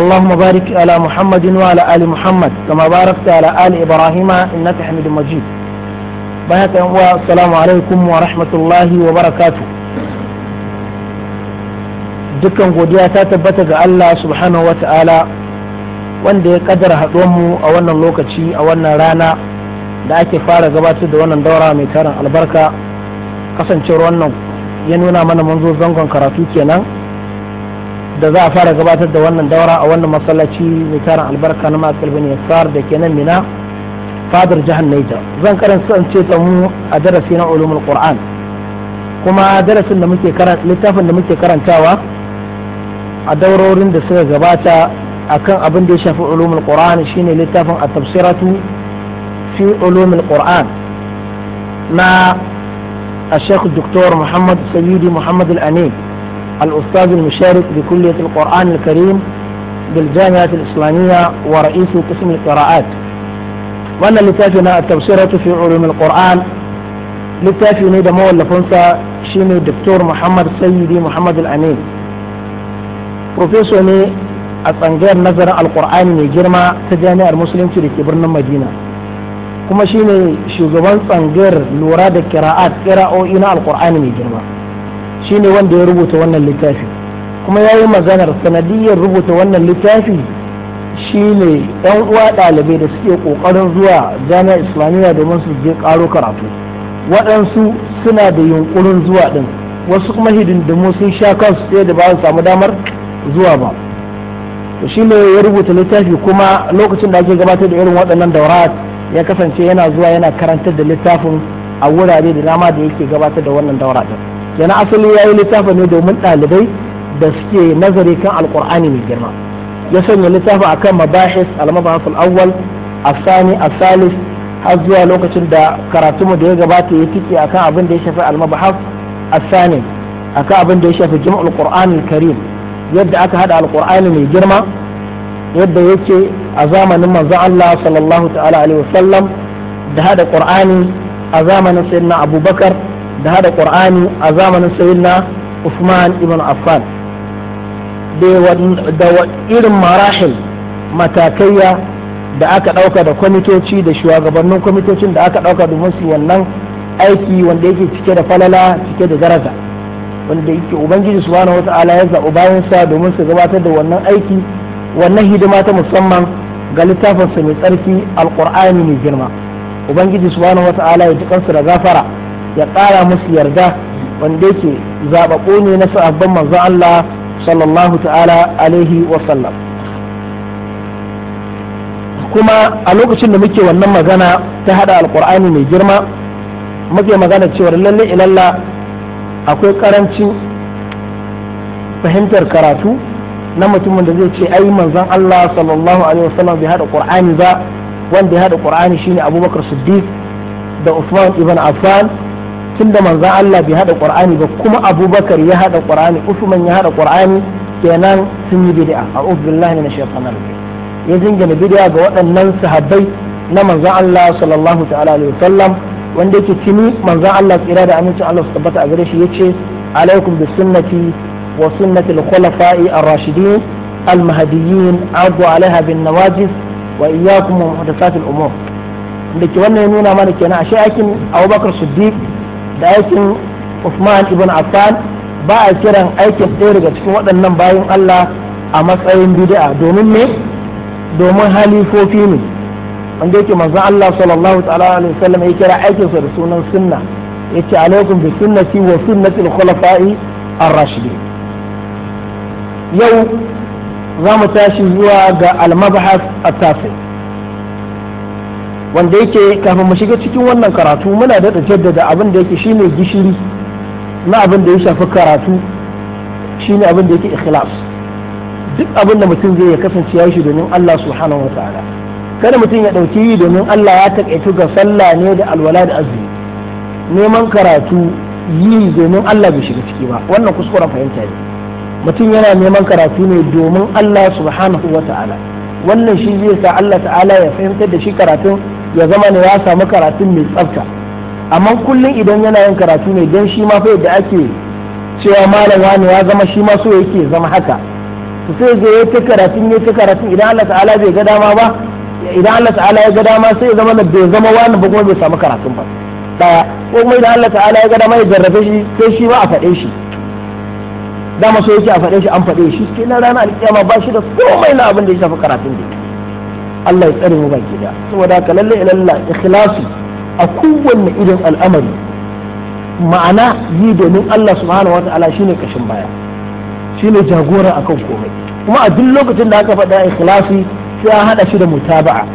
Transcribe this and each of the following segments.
اللهم بارك على محمد وعلى آل محمد كما باركت على آل إبراهيم إنك حميد مجيد بارك السلام عليكم ورحمة الله وبركاته dukkan godiya ta tabbata ga Allah subhanahu wa ta'ala wanda ya kaddara mu a wannan lokaci a wannan rana da ake fara gabatar da wannan daura mai tarin albarka kasancewar wannan ya nuna mana mun zo zangon karatu kenan da za a fara gabatar da wannan daura a wannan masallaci mai tarin albarka na makil bin yasar da ke nan mina fadar jihar Niger zan karanta ta ce mu a darasi na ulumul qur'an kuma darasin da muke karanta littafin da muke karantawa a daurorin da suka gabata akan abin da ya shafi ulumul qur'an shine littafin at-tafsiratu fi ulumul qur'an na الشيخ الدكتور محمد سيدي محمد الأمين الأستاذ المشارك بكلية القرآن الكريم بالجامعة الإسلامية ورئيس قسم القراءات وأنا اللي لتافنا التبصرة في علوم القرآن لتافني دمو لفنسا شيني الدكتور محمد سيدي محمد الأمين بروفيسوني أتنجير نظر القرآن نجرما تجامع المسلم في كبرنا مدينة كما shine shugaban تنجير lura القراءات kira'at kira'o ina alkur'ani mai shine wanda ya rubuta wannan littafi kuma ya yi maganar sanadiyar rubuta wannan littafi shine yan uwa ɗalibai da suke kokarin zuwa jami'ar islamiyya domin su je ƙaro karatu waɗansu suna da yunƙurin zuwa ɗin wasu kuma hidindimu sun sha kansu sai da ba su samu damar zuwa ba shi ne ya rubuta littafi kuma lokacin da ake gabatar da irin waɗannan daurat ya kasance yana zuwa yana karantar da littafin a wurare da dama da yake gabatar da wannan daura kenan asali ya yi littafin ne domin ɗalibai da suke nazari kan alkur'ani mai girma ya sanya littafin akan mabahis al-mabahis al-awwal asani asalis har zuwa lokacin da karatunmu da ya gabata ya tike akan abin da ya shafi al-mabahis asani akan abin da ya shafi jam'ul qur'anil karim yadda aka hada alkur'ani mai girma yadda yake a zamanin manzon Allah sallallahu ta'ala alaihi wasallam da hada qur'ani a zamanin sayyidina abubakar da hada qur'ani a zamanin sayyidina usman ibn Affan da irin marahil matakaiya da aka dauka da kwamitoci da shugabannin kwamitocin da aka dauka domin su wannan aiki wanda yake cike da falala cike da daraja wanda yake ubangiji subhanahu wata'ala ya bayan sa domin su gabatar da wannan aiki wannan hidima ta musamman ga littafinsa mai tsarki alƙur'ani mai girma ubangiji subhanahu wata'ala ya ji da gafara ya ƙara musu yarda wanda yake zaɓaɓo ne na sa'abban manzo Allah sallallahu ta'ala alaihi wa sallam kuma a lokacin da muke wannan magana ta haɗa Alƙur'ani mai girma muke magana cewa lallai ilalla akwai karancin fahimtar karatu na mutumin da zai ce ai manzon Allah sallallahu alaihi wasallam bai hada qur'ani ba wanda ya hada qur'ani shine Abubakar Siddiq da Uthman ibn Affan tunda manzon Allah bai hada qur'ani ba kuma abubakar ya hada qur'ani usman ya hada qur'ani kenan sun yi bid'a a'udhu billahi minash shaitanir rajim ya jingina bid'a ga waɗannan sahabbai na manzon Allah sallallahu ta'ala alaihi wasallam wanda yake tuni manzon Allah tsira da amincin Allah su tabbata a gare shi yace alaikum bi sunnati wa sunnati al-khulafa'i ar-rashidin al-mahdiyyin adu 'alaiha bin nawajis wa iyyakum wa muhdathat al-umur da ke wannan ya nuna mana kenan ashe aikin Abubakar Siddiq da aikin Usman ibn Affan ba a kiran aikin ɗaya daga cikin waɗannan bayan Allah a matsayin bid'a domin me domin halifofi ne wanda yake manzon Allah sallallahu ta'ala alaihi wasallam ya kira aikin sa da sunan sunna yace alaikum bi sunnati wa sunnati al-khulafa'i ar-rashidin yau za mu tashi zuwa ga al-mabhas at-tasi' wanda yake kafin mu shiga cikin wannan karatu muna da jaddada abin da yake shine gishiri na abin da ya shafi karatu shine abin da yake ikhlas duk abin da mutum zai ya kasance ya shi domin Allah subhanahu wataala kada mutum ya dauki yi domin Allah ya taƙaitu ga sallah ne da alwala da azumi neman karatu yi domin Allah bai shiga ciki ba wannan kuskuren fahimta ne mutum yana neman karatu ne domin Allah subhanahu wataala wannan shi zai sa Allah ta'ala ya fahimtar da shi karatun ya zama ne ya samu karatun mai tsafta amma kullum idan yana yin karatu ne don shi ma fahimta ake cewa malam wani ya zama shi ma so yake zama haka to sai ga yayi karatun ta karatun idan Allah ta'ala bai ga dama ba idan Allah ta'ala ya ga dama sai ya zama bai zama wani ba kuma bai samu karatun ba daya ko kuma idan Allah ta'ala ya ga dama ya jarrabe shi sai shi ma a faɗe shi dama so yake a faɗe shi an faɗe shi kenan ranar alƙiyama ba shi da komai na abin da ya shafi karatun da Allah ya tsare mu baki da saboda ka lalle ilalla ikhlasi a kowanne irin al'amari ma'ana yi domin Allah subhanahu wataala shine kashin baya shine jagora akan komai kuma a duk lokacin da aka faɗa ikhlasi sai an hada shi da mutaba'a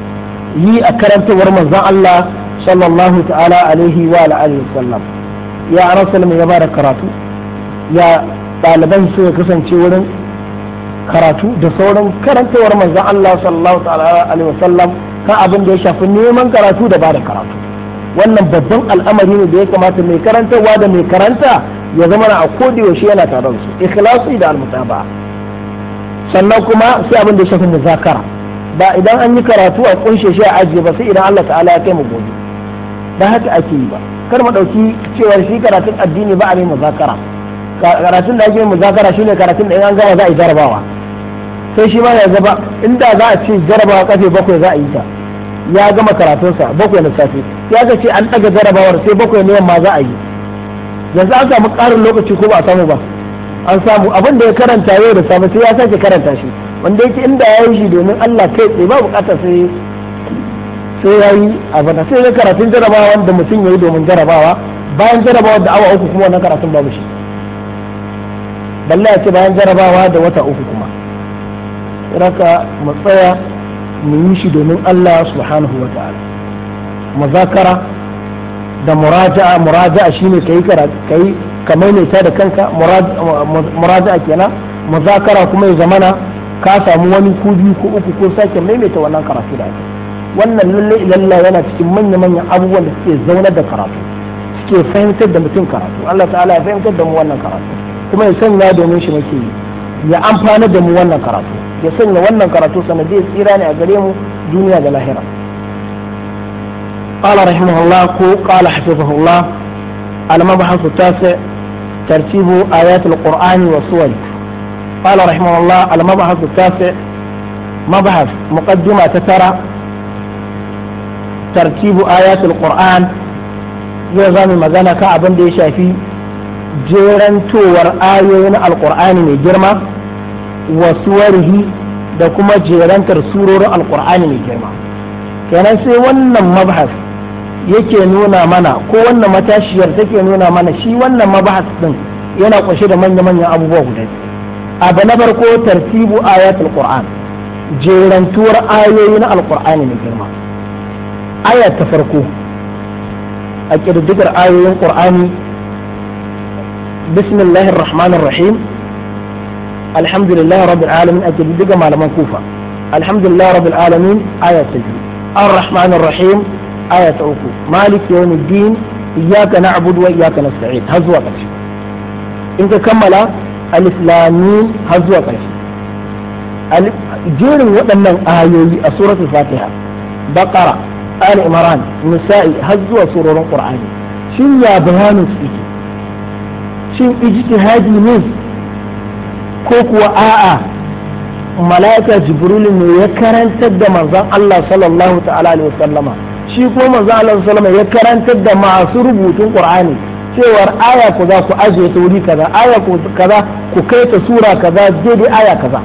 yi a karantawar manzon Allah sallallahu ta'ala alaihi wa alihi wasallam ya rasul mai ya bada karatu ya ɗaliban suka kasance wurin karatu da sauran karantawar manzo Allah sallallahu alaihi wasallam kan abin da ya shafi neman karatu da bada karatu wannan babban al'amari ne da ya kamata mai karantarwa da mai karanta ya zama na a yaushe yana tare da su ikhlasi da almutaba sannan kuma sai abin da ya shafi muzakara ba idan an yi karatu a kunshe shi a ajiye ba sai idan Allah ta'ala ya kai mu gobe ba haka ake yi ba kar mu dauki cewar shi karatun addini ba a mai muzakara karatun da ake muzakara shine karatun da in an gama za a yi jarabawa sai shi ma ya gaba inda za a ce jarabawa kafe bakwai za a yi ta ya gama karatunsa bakwai na safe ya ga ce an daga jarabawar sai bakwai na yamma za a yi yanzu an samu ƙarin lokaci ko ba a samu ba an samu abin da ya karanta yau da samu sai ya sake karanta shi wanda yake inda ya yi shi domin Allah kai tsaye ba bukata sai sai ya yi abin sai ya karatun jarabawa wanda mutum ya yi domin jarabawa bayan jarabawa da awa uku kuma wannan karatun babu shi balle ya ce bayan jarabawa da wata uku raka mu tsaya mu yi shi domin Allah subhanahu wa ta'ala muzakara da muraja'a muraja'a shine kai kai kamar ne ta da kanka muraja'a kenan muzakara kuma ya zamana ka samu wani ko biyu ko uku ko sake maimaita wannan karatu da ake wannan lalle ilalla yana cikin manya manyan abubuwan da suke zaunar da karatu suke fahimtar da mutum karatu Allah ta'ala ya fahimtar da mu wannan karatu kuma ya sanya domin shi muke yi ya amfana da mu wannan karatu ya sanya wannan karatu sanadiyar tsira ne a gare mu duniya da lahira قال رحمه الله قال حفظه الله المبحث التاسع ترتيب آيات القرآن والسور قال رحمه الله المبحث التاسع مبحث مقدمة تترى ترتيب آيات القرآن يغني مغانا كعبا دي شافي جيران تور آيين القرآن من جرمه wasu warihi da kuma jerantar surorin alkur'ani mai girma kenan sai wannan mabhas yake nuna mana ko wannan matashiyar take nuna mana shi wannan mabhas din yana kunshe da manya-manyan abubuwa guda abu na farko tartibu ayatul qur'an jerantuwar ayoyin alqur'ani mai girma aya ta farko a ƙididdigar ayoyin qur'ani bismillahir rahmanir rahim alhamdulillah rabbil alamin ake diga malaman kufa alhamdulillah rabbil alamin aya ta biyu الرحمن الرحيم آية أوكو مالك يوم الدين إياك نعبد وإياك نستعين هزوا قرش إنك كمل الإسلامين هزوا قرش جيرن وأن آيوي سورة الفاتحة بقرة آل عمران نسائي هزوا سورة القرآن شن يا بيان سيكي شن اجتهادي منه ko kuwa a'a mala'ika jibrilu ne ya karantar da manzon Allah sallallahu ta'ala alaihi wasallama shi ko manzon Allah sallallahu ya karantar da masu rubutun qur'ani cewar aya kaza ku ajiye ta wuri kaza aya kaza ku kai ta sura kaza daidai aya kaza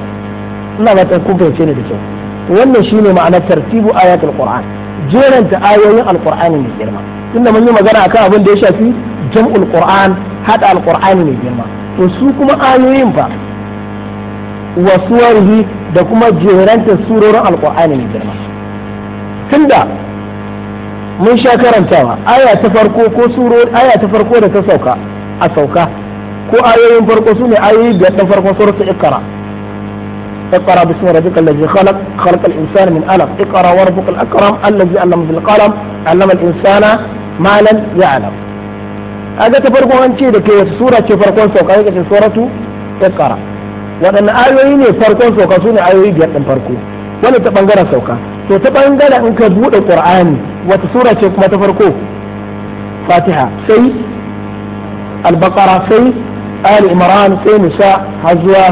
ina ba ta kun fahimce ne da kyau wannan shine ma'anar tartibu ayatul qur'an jeranta ayoyin alqur'ani mai girma inda mun yi magana akan abin da ya shafi jam'ul qur'an hada alqur'ani mai girma to su kuma ayoyin ba. wa suwarihi da kuma jerantar surorin alqur'ani mai girma tunda mun sha karantawa aya ta farko ko suro aya ta farko da ta sauka a sauka ko ayoyin farko su ne ayoyi da ta farko suratul iqra اقرا باسم ربك الذي خلق خلق الانسان من علق اقرا وربك الاكرم الذي علم بالقلم علم الانسان ما لم يعلم هذا تفرقوا عن شيء لكي سوره تفرقوا سوره اقرا waɗanne ayoyi ne farkon sauka su ne ayoyi biyar ɗin farko wani ta ɓangaren sauka to ta ɓangaren in ka buɗe ƙur'ani wata sura ce kuma ta farko fatiha sai albakara sai ali imran sai nisa har zuwa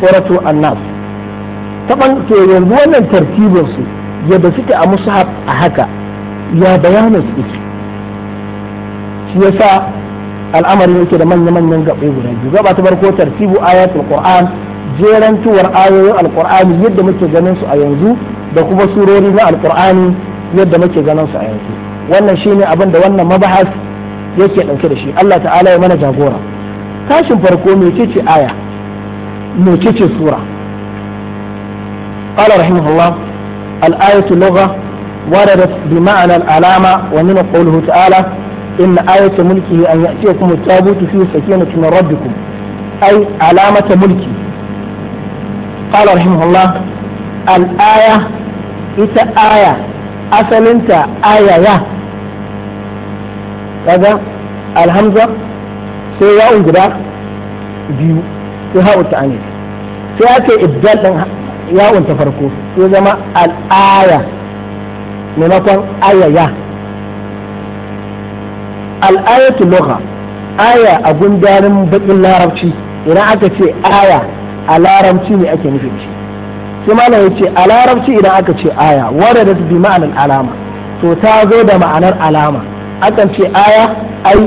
suratu annas ta to yanzu wannan tartibin su yadda suke a mushaf a haka ya bayanin su shi yasa al'amarin yake da manya-manyan gaɓe guda biyu gaba ta farko tartibu ayatul qur'an jeran tuwar ayoyin alqur'ani yadda muke ganin su a yanzu da kuma surori na alqur'ani yadda muke ganin su a yanzu wannan shine abin da wannan mabahas yake dauke da shi Allah ta'ala ya mana jagora tashin farko mecece aya mecece sura قال رحمه الله الآية لغة وردت بمعنى العلامة ومن قوله تعالى إن آية ملكه أن يأتيكم التابوت فيه سكينة من ربكم أي علامة ملكه قال رحمه الله الآية إتا آية أصل أنت آية يا كذا الهمزة سيا أنجرا بيو سيها التعنيف سيا إبدال يا أنت فرقوف سيا الآية maimakon ayaya al'ayatu lugha aya a gundarin bakin larabci idan aka ce aya a larabci ne ake nufin shi sai malam yace a larabci idan aka ce aya waradat bi ma'anar alama to ta zo da ma'anar alama akan ce aya ai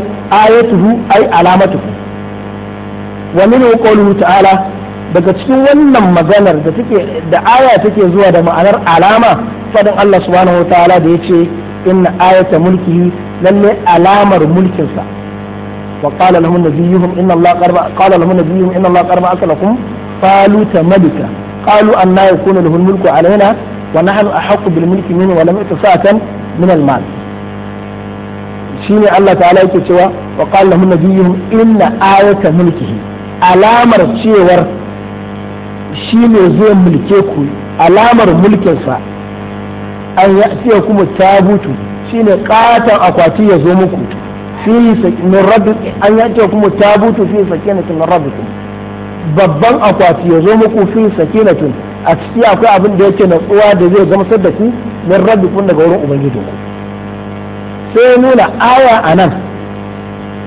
ayatuhu ai alamatuhu wa min qawluhu ta'ala daga cikin wannan maganar da aya take zuwa da ma'anar alama fadin Allah subhanahu wa ta'ala da yace inna ayata mulkihi lalle alamar mulkin sa wa qala lahum nabiyuhum inna allaha qarba qala lahum nabiyuhum inna allaha qarba akalakum faluta malika قالوا أن لا يكون له الملك علينا ونحن أحق بالملك منه ولم يؤت ساعة من المال shine Allah ta'ala yake cewa wa qala lahum nabiyuhum inna ayata mulkihi alamar cewar shine zai mulke ku alamar mulkinsa an ya kuma tabutu shine katon akwati ya zo muku fi min rabbikum an yace kuma tabutu fi sakinatin min rabbikum babban akwati ya zo muku fi sakinatin a ciki akwai abin da yake natsuwa da zai gamsar da ku min rabbikum daga wurin ku. sai nuna aya nan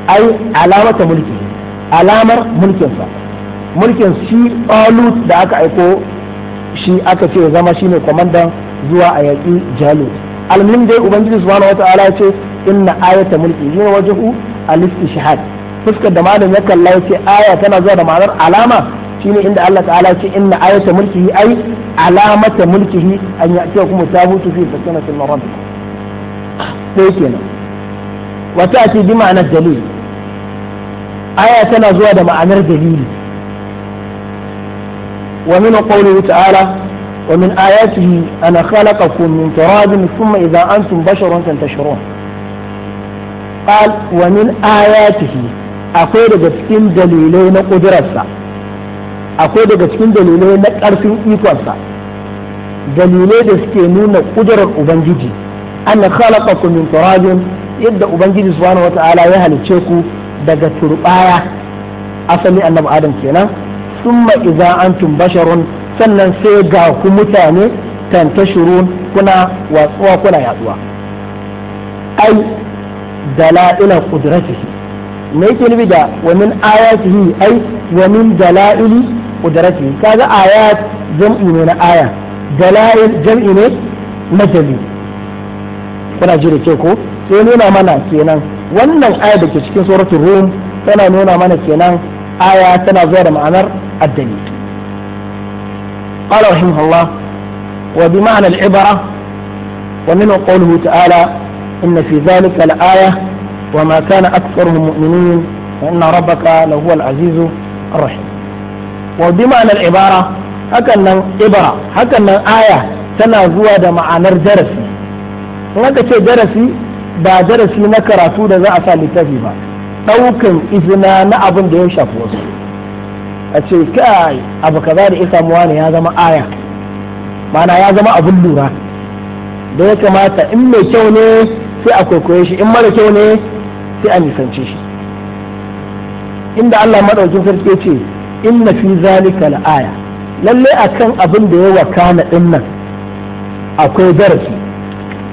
ai alamata mulki alamar mulkinsa mulkin shi Alut da aka aiko shi aka ce zama shine kwamandan zuwa a yaƙi Jalut almuhim dai ubangiji subhanahu wataala ya ce inna ayata mulki shine wajhu al-istishhad fuskar da malam ya kalla ya ce aya tana zuwa da ma'anar alama shine inda Allah ta'ala ya ce inna ayata mulkihi ai alamata mulkihi an ya'tiya kuma tabutu fi sakinatil marad sai kenan wa ta'ti bi ma'anar dalil aya tana zuwa da ma'anar dalili wa min qawlihi ta'ala ومن آياته أنا خلقكم من تراب ثم إذا أنتم بشر تنتشرون قال ومن آياته أقول بسكين دليلين قدرسا akwai daga cikin dalilai na ƙarfin ikonsa dalilai da suke nuna ƙudurar ubangiji an na khalaqa ku min yadda ubangiji subhanahu wata'ala ya halice ku daga turbaya asali annabi adam kenan summa idza sannan sai ga ku mutane tantashurun kuna watsuwa kuna yaduwa ai dala'ila qudratihi me yake nufi da wa min ayatihi ai wa min dala'ili qudratihi kaga ayat jam'i ne na aya dala'il jam'i ne na kuna ji da ke ko sai nuna mana kenan wannan aya da ke cikin suratul rum tana nuna mana kenan aya tana zuwa da ma'anar addali قال رحمه الله وبمعنى العبرة ومنه قوله تعالى إن في ذلك لآية وما كان أكثرهم مؤمنين وإن ربك لهو العزيز الرحيم وبمعنى العبارة هكذا عبرة هكذا آية tana zuwa da ma'anar darasi in aka ce darasi ba darasi na karatu da za a sa littafi ba ɗaukan izina na abin da ya shafi wasu a ce kai abu kaza da isa muwa ne ya zama aya mana ya zama abun lura da ya kamata in mai kyau ne sai a kwaikwaye shi in mara kyau ne sai a nisance shi inda Allah madaukin sarki ce inna fi zalika la'aya lalle akan abin da ya wakana din nan akwai darasi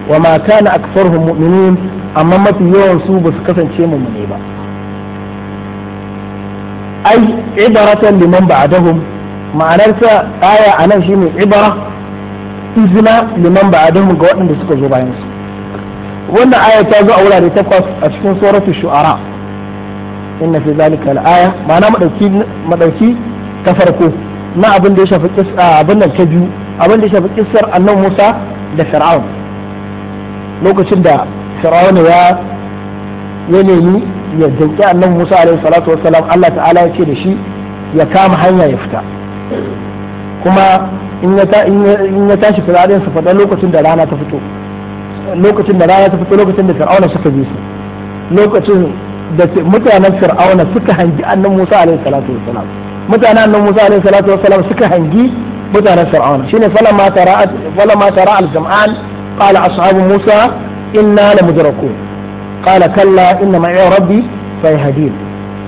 wa ma kana aktsaruhum mu'minin amma mafi yawan su ba su kasance mu'mini ba ai ibaratan liman ba'dahum ta aya anan shine ibara izina liman ba'dahum ga waɗanda suka zo bayan su wannan aya ta zo a wurare takwas a cikin suratu shu'ara inna fi zalika al-aya ma'ana madauki madauki ta farko na abin da ya shafi kissa abin nan ta biyu abin da ya shafi kissar annabi Musa da Fir'aun lokacin da Fir'aun ya ya nemi ya dauki annan Musa alaihi salatu wassalam Allah ta'ala ya ce da shi ya kama hanya ya fita kuma in ya tashi firarin su faɗa lokacin da rana ta fito lokacin da rana ta fito lokacin da fir'auna suka bi su lokacin da mutanen fir'auna suka hangi annan Musa alaihi salatu wassalam mutanen annan Musa alaihi salatu wassalam suka hangi mutanen fir'auna shine falamma tara falamma tara al-jam'an qala ashabu Musa inna la qala kalla inna ma ya rabbi sayhadin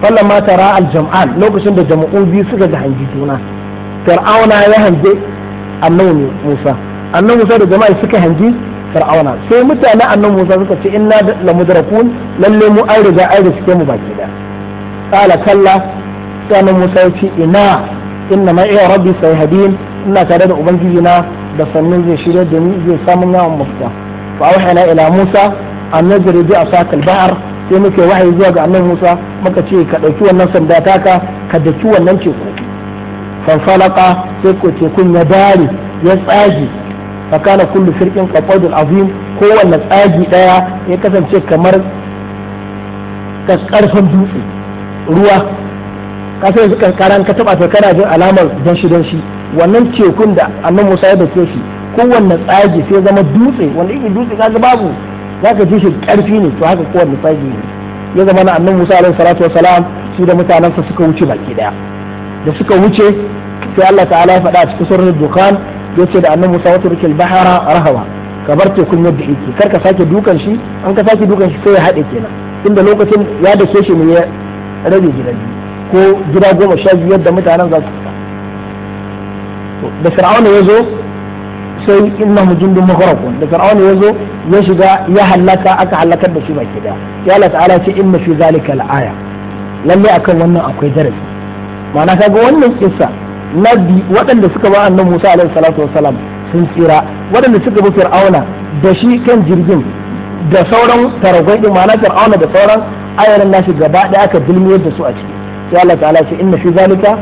falamma tara al-jam'an lokacin da jama'un biyu suka ga hangi juna fir'auna ya hange annabi Musa annabi Musa da jama'a suka hangi fir'auna sai mutane annabi Musa suka ce inna la mudrakun lalle mu an riga an mu baki da qala kalla sai annabi Musa ya ce ina inna ma ya rabbi sayhadin ina tare da ubangiji na da sannan zai shirya da ni zai samu yawan mafita ila Musa an jaridu a asakal bahar sai muke wahayi zuwa ga annabi Musa muka ce ka ɗauki wannan sanda taka ka daki wannan teku fanfalaka sai ko tekun ya dare ya tsage fakana kullu firqin qawdul azim kowanne tsagi daya ya kasance kamar karfin dutse ruwa kasa yanzu karkaran ka taba ta kana jin alamar danshi danshi wannan tekun da annabi Musa ya dake shi kowanne tsagi sai zama dutse wanda yake dutse ga babu za ka ji shi ƙarfi ne to haka kowanne fagi ne ya zama na annabi Musa alaihi salatu salam shi da mutanensa suka wuce baki daya da suka wuce sai Allah ta'ala ya faɗa a cikin suratul dukan ce da annabi Musa wata rikil bahara rahawa ka bar tekun yadda yake kar ka sake dukan shi an ka sake dukan shi sai ya haɗe kenan inda lokacin ya dake shi ne ya rage gida ko gida goma sha biyu yadda mutanen za su fita da fir'auna ya zo sai mu jundun mughraqun da fir'auna yazo ya shiga ya halaka aka halakar da shi baki daya ya Allah ta'ala ce inna fi zalika al-aya lalle akan wannan akwai darasi ma'ana kaga wannan kissa nabi waɗanda suka ba annabi Musa alaihi salatu wasalam sun tsira waɗanda suka bi fir'auna da shi kan jirgin da sauran taragwai din ma'ana fir'auna da sauran ayaran nashi gaba da aka dilmiyar da su a ciki ya Allah ta'ala ce inna fi zalika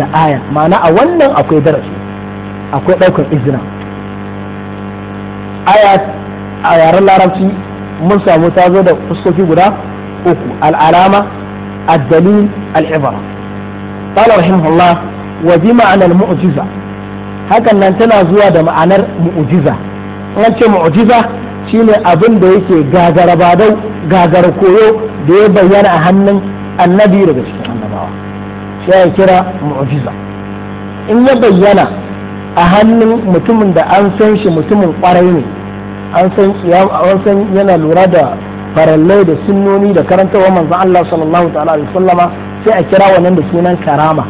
la aya ma'ana a wannan akwai darasi akwai ɗaukar izina aya a yaren larabci mun samu ta zo da fuskoki guda uku al'alama الدليل العبرة قال رحمه الله ma'anar mu'ujiza hakan nan tana zuwa da ma'anar mu'ujiza an ce mu'ujiza shine abin da yake gagara badau gagara koyo da ya bayyana a hannun annabi daga cikin annabawa shi ya kira mu'ujiza in ya bayyana a hannun mutumin da an san shi mutumin kwarai ne an san yana lura da farallai da sunnoni da karantarwa manzon Allah sallallahu ta'ala alaihi sallama sai a kira wannan da sunan karama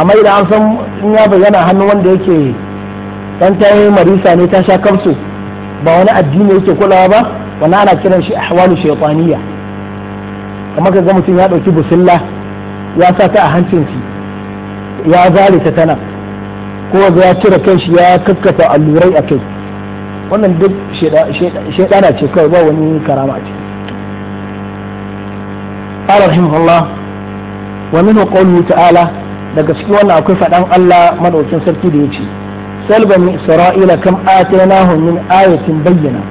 amma idan an san in ya bayyana hannu wanda yake dan tayi marisa ne ta sha kamsu ba wani addini yake kulawa ba wani ana kiran shi ahwalu shaytaniya kamar ka ga mutum ya dauki busilla ya sa ta a hancin shi ya zare ta tana ko ya cire kanshi ya kakkafa allurai a kai wannan duk shaidana ce kawai ba wani karama a ciki Allah, رحمه الله ومنه قوله تعالى daga cikin wannan akwai faɗan Allah madaucin sarki da ya ce. sal bani isra'ila kam atainahum min ayatin bayyana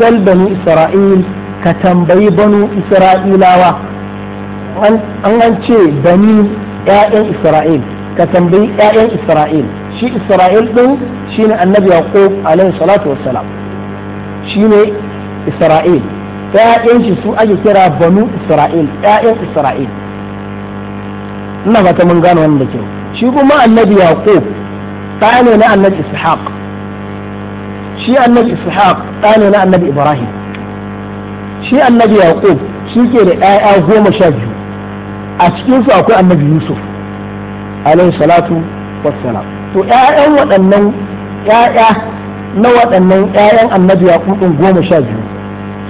sal bani isra'il ka tambayi banu isra'ilawa an ce bani 'ya'yan isra'il ka tambayi 'ya'yan isra'il shi isra'il din shine annabi yaqub alaihi salatu wassalam shine isra'il ƴaƴan shi su ake kira banu isra'il ƴaƴan isra'il ina fata mun gano wannan da kyau shi kuma annabi yaqub ɗa ne na annabi ishaq shi annabi ishaq ɗa ne na annabi ibrahim shi annabi yaqub shi ke da ƴaƴa goma sha biyu a cikinsu akwai annabi yusuf alaihi salatu wassalam to ƴaƴan waɗannan ƴaƴa na waɗannan ƴaƴan annabi yaqub din goma sha biyu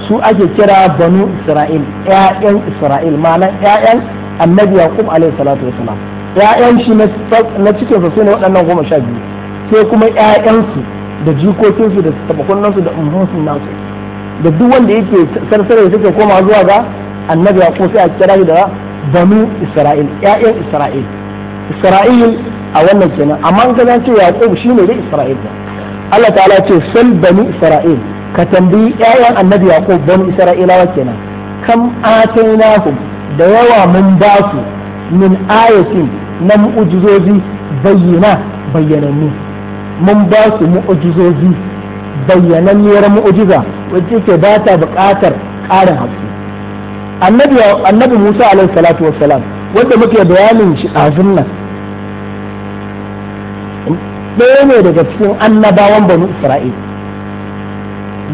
su ake kira banu isra'il ƴaƴan isra'il ma'ana ƴaƴan annabi yaqub alaihi salatu wasalam ƴaƴan shi na cikin sa sune waɗannan goma sha biyu sai kuma ƴaƴansu da jikokinsu da su da umhunsu nasu da duk wanda yake sarsarai suke koma zuwa ga annabi yaqub sai a kira shi da banu isra'il ƴaƴan isra'il isra'il a wannan kenan amma in ka ce yaqub shine da isra'il Allah ta'ala ce sal bani isra'il ka tambayi ƴaƴan annabi yaqub bani isra'ilawa kenan kam atainahum da yawa mun ba su min ayatin na mu'ujizozi bayyana bayyananni, mun ba su mu'ujizozi bayyananniyar mu'ujiza wacce ke ba ta buƙatar ƙarin haƙƙi annabi musa alaihi salatu wassalam wanda muke bayanin shi a nan ɗaya ne daga cikin annabawan banu isra'il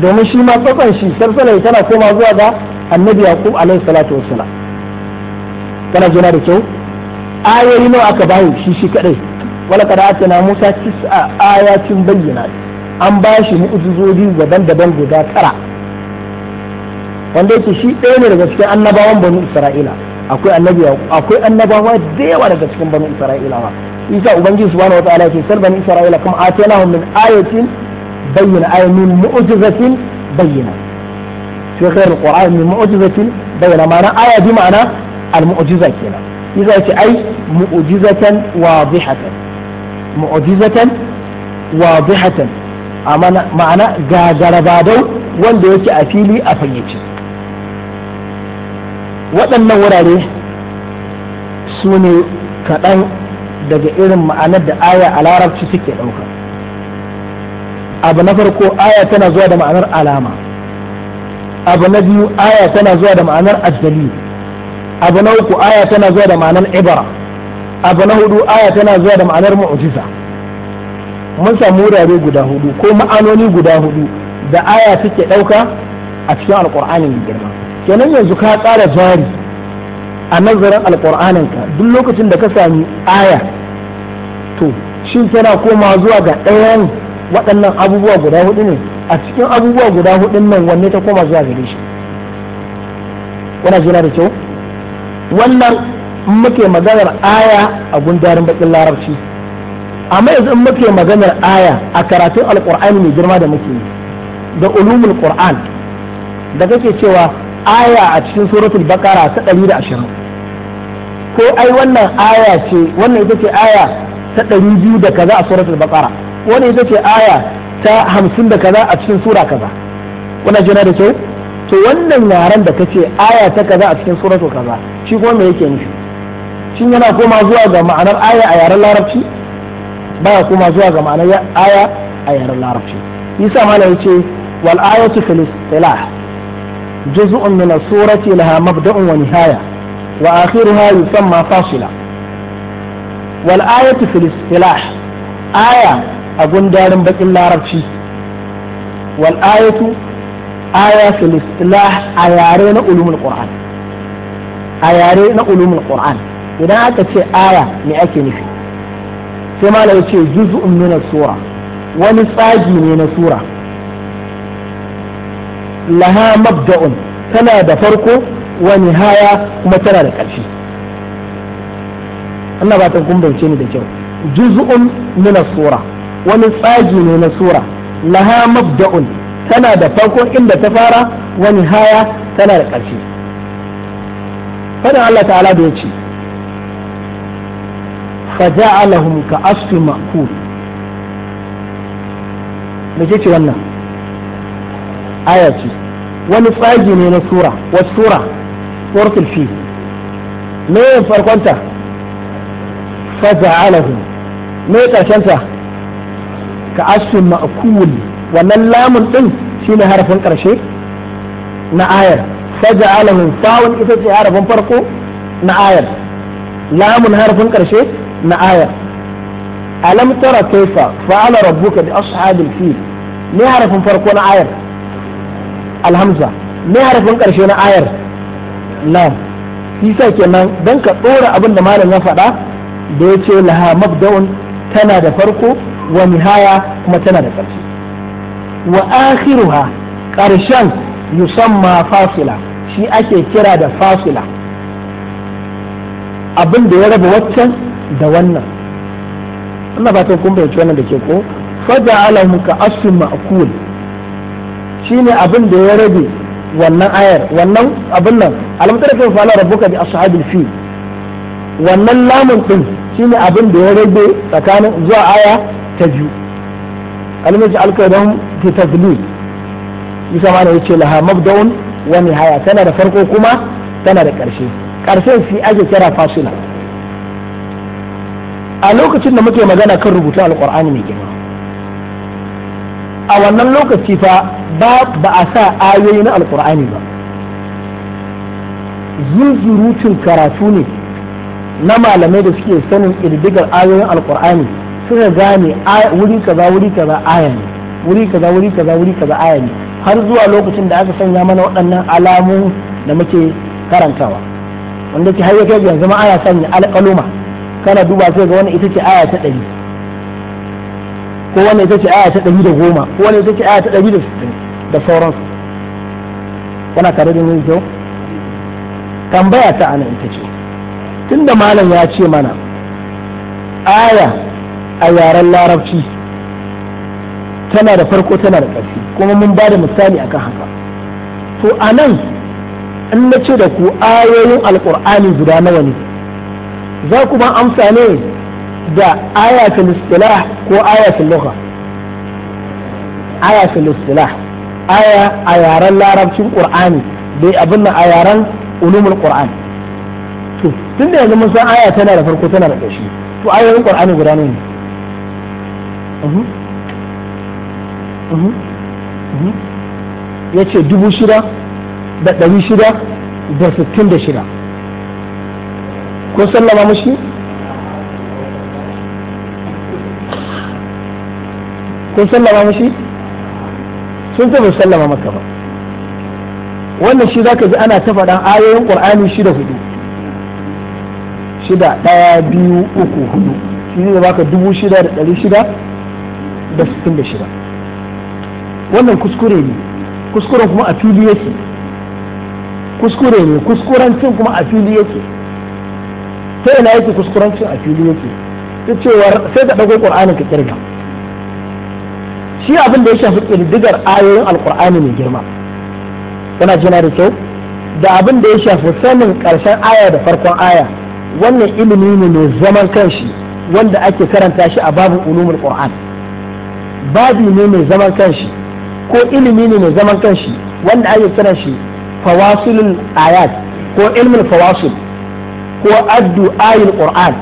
domin shi ma tsakon shi sarsalai tana koma zuwa ga annabi yaqub alaihi salatu wassalam kana jina da kyau ayoyi nawa aka bayu shi shi kadai wala kada na musa tis'a ayatin bayyana an ba shi mu'jizoji daban-daban guda tara wanda yake shi ɗaya ne daga cikin annabawan banu isra'ila akwai annabi akwai annabawa da yawa daga cikin banu ma isa ubangiji subhanahu wataala yake sal bani isra'ila kam atainahum min ayatin bayyana ay min mu'jizatin bayyana fi ghairi alquran min mu'jizatin bayyana ma'ana aya bi ma'ana al almu'jiza kenan isa yace ai mu'jizatan wadihatan mu'jizatan wadihatan ma'ana gagarabadau wanda yake a fili a fayyace waɗannan wurare su ne kaɗan daga irin ma'anar da aya a larabci suke ɗauka abu na farko aya tana zuwa da ma'anar alama abu na biyu aya tana zuwa da ma'anar addali abu na uku aya tana zuwa da ma'anar ibara abu na hudu aya tana zuwa da ma'anar mu'jiza mun samu wurare guda hudu ko ma'anoni guda hudu da aya suke ɗauka a cikin alƙur'ani mai girma kenan yanzu ka tsara zari. a nazarin alƙur'aninka duk lokacin da ka sami aya to shin tana koma zuwa ga ɗayan waɗannan abubuwa guda hudu ne a cikin abubuwa guda hudun nan wanne ta koma zuwa gare shi wannan jina da kyau wannan muke maganar aya a gundarin bakin larabci amma yanzu in muke maganar aya a karatun alƙur'ani mai girma da muke yi da ulumul qur'an da kake cewa aya a cikin suratul baqara ta 120 ko ai wannan aya ce wannan ita ce aya ta ɗari biyu da kaza a suratul baqara wannan ita ce aya ta hamsin da kaza a cikin sura kaza wannan jina da kyau to wannan yaren da kace aya ta kaza a cikin suratu kaza shi ko me yake nufi shin yana koma zuwa ga ma'anar aya a yaren larabci baya koma zuwa ga ma'anar aya a yaren larabci yasa malam yace wal ayatu fil istilah juz'un min as-surati laha mabda'un wa nihaya وآخرها يسمى فاصلة والآية في الاصطلاح آية أقول دارم بك إلا ربشي والآية آية في الاصطلاح آيارين علوم القرآن آيارين علوم القرآن إذا أتت آية لأكي نفي كما لو جزء من السورة ونساجي من السورة لها مبدأ tana da farko Wani haya kuma tana da ƙarfi Allah ba ta kun ni da kyau juz'un min sura wani tsagi ne na sura laha mabda'un tana da farko inda ta fara wani haya tana da ƙarfi fadan Allah ta'ala da yace faja'alahum ka asfi ma'kul me ce wannan aya ce wani tsagi ne na sura wasu sura warkul fi me farkonta fa ja'alahu me karshenta ka asun ma'kul wannan lamun din shine harafin karshe na ayar fa ja'alahu fa'un ita ce harafin farko na ayar lamun harafin karshe na ayar alam tara kaifa fa'ala rabbuka bi ashabil fil me na ayar alhamza na ayar na'am sa kenan don ka dora abin da malam ya faɗa da ya ce laha mabda'un tana da farko wa nihaya kuma tana da ƙarshe wa akhiruha ƙarshen yusamma fasila shi ake kira da fasila abin da ya raba waccan da wannan ina ta kun bayyace wannan da ke ko fada alamu ka asu ma'kul shine abin da ya rabe wannan ayar wannan abin nan alamtar kai fala rabbuka bi ashabil fi wannan lamun din shine abin da ya rage tsakanin zuwa aya ta biyu almaji alkaidon fi tazlil isa ma yace laha mabda'un wa nihaya tana da farko kuma tana da ƙarshe ƙarshen fi ake kira fasila a lokacin da muke magana kan rubuta alqur'ani mai girma a wannan lokaci fa ba ba a sa ayoyi na alkur'ani ba zuzurutun karatu ne na malamai da suke sanin ƙididdigar ayoyin alkur'ani suka gane wuri kaza wuri kaza aya ne wuri kaza wuri kaza wuri kaza aya ne har zuwa lokacin da aka sanya mana waɗannan alamu da muke karantawa wanda ke har ya yanzu ma aya sanya alƙaluma kana duba sai ga wani ita ce aya ta ɗari ko wanda ita ce aya ta ɗari da goma ko wanda ita ce aya ta ɗari da sittin da sauransu wana tare da ni kyau tambaya ta ana ita ce tunda malam ya ce mana aya a yaren larabci tana da farko tana da ƙarfi kuma mun ba da misali akan haka to a nan in na ce da ku ayoyin alƙur'ani guda nawa ne za ku ban amsa ne da aya fil istilah ko aya fil lugha aya fil istilah aya a yaren larabcin qur'ani dai abin nan a yaren ulumul qur'an to tun da yanzu mun san aya tana da farko tana da ƙarshe to ayoyin qur'ani guda ne mhm. mhm. mhm. ya ce dubu shida da ɗari shida da sittin da shida ko sallama mushi kun sallama mishi sun ce ba sallama maka ba wannan shi zaka ji ana ta faɗan ayoyin qur'ani shida hudu shida ɗaya biyu uku hudu shi ne baka dubu shida da ɗari shida da sittin da shida wannan kuskure ne kuskuren kuma a fili yake kuskure ne kuskurancin kuma a fili yake ta yana yake kuskurancin a fili yake ta cewar sai ka ɗago ƙur'anin ka kirga shi abin da ya shafi ƙirdigar ayoyin alkur'ani mai girma kuna jina da kyau da abin da ya shafi sanin ƙarshen aya da farkon aya wannan ilimi ne mai zaman kanshi wanda ake karanta shi a babin ulumul qur'an babi ne mai zaman kanshi ko ilimi ne mai zaman kanshi wanda ake kiran shi fawasilul ayat ko ilmul fawasil ko addu'ayul qur'an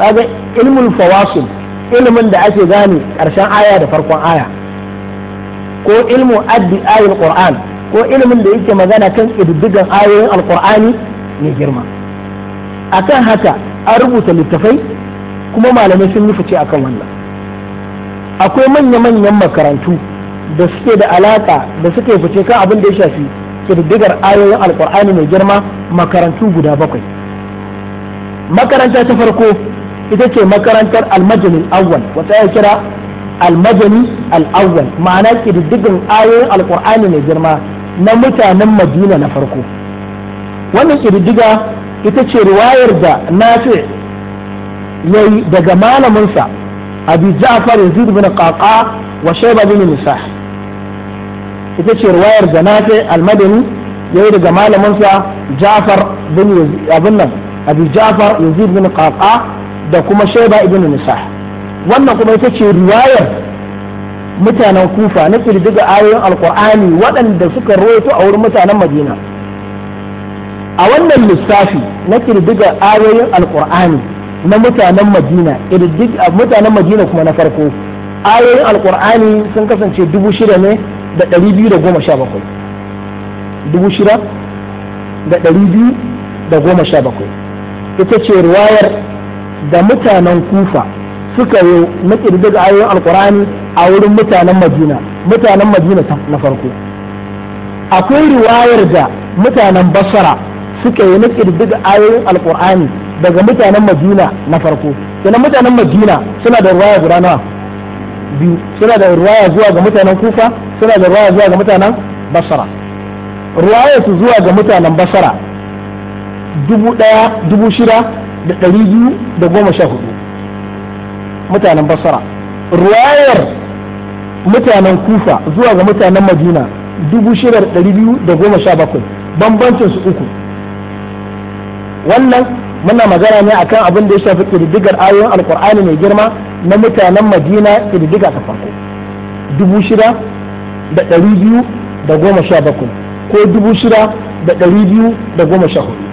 kaga ilmul fawasil ilimin da ake gane ƙarshen aya da farkon aya ko ilmu addi ayin qur'an ko ilimin da yake magana kan ƙididdigan ayoyin Alƙur'ani ne girma A kan haka an rubuta littafai kuma malamai sun nufi kan wannan akwai manya-manyan makarantu da suke da alaƙa da suke fice kan abin da ya shafi ƙididdigar ayoyin Alƙur'ani mai girma makarantu guda bakwai makaranta ta farko ita ce makarantar almajani awwal wata ya kira almajani al'awwal ma'ana kididdigin ayoyin Alƙur'ani mai girma na mutanen madina na farko wannan kididdiga ita ce riwayar da nafi yayi daga malaminsa abi ja'far yazid bin qaqa wa shayba bin misah ita ce riwayar da nafi almadani yayi daga malaminsa ja'far bin abin nan abi ja'far yazid bin qaqa da kuma shaiba ibn nisa wannan kuma ita ce riwayar mutanen kufa na kirdiga ayoyin alkur'ani waɗanda suka roto a wurin mutanen madina a wannan lissafi na kirdiga ayoyin alkur'ani na mutanen madina mutanen madina kuma na farko ayoyin alkur'ani sun kasance dubu shida ne da ɗari biyu da goma sha bakwai dubu shida da ɗari biyu da goma sha bakwai ita ce riwayar da mutanen kufa suka yi na ƙirƙirar ayoyin alkur'ani a wurin mutanen madina mutanen madina na farko akwai riwayar da mutanen basara suka yi na ƙirƙirar ayoyin alkur'ani daga mutanen madina na farko kenan mutanen madina suna da riwaya guda nawa biyu suna da riwaya zuwa ga mutanen kufa suna da riwaya zuwa ga mutanen basara riwayar su zuwa ga mutanen basara dubu ɗaya dubu shida da ɗari biyu da goma sha hudu mutanen basara ruwayar mutanen kufa zuwa ga mutanen madina dubu shida da ɗari biyu da goma sha bakwai bambancin su uku wannan muna magana ne akan abin da ya shafi ƙididdigar ayoyin alkur'ani mai girma na mutanen madina ƙididdiga ta farko dubu shida da ɗari biyu da goma sha bakwai ko dubu shida da ɗari biyu da goma sha hudu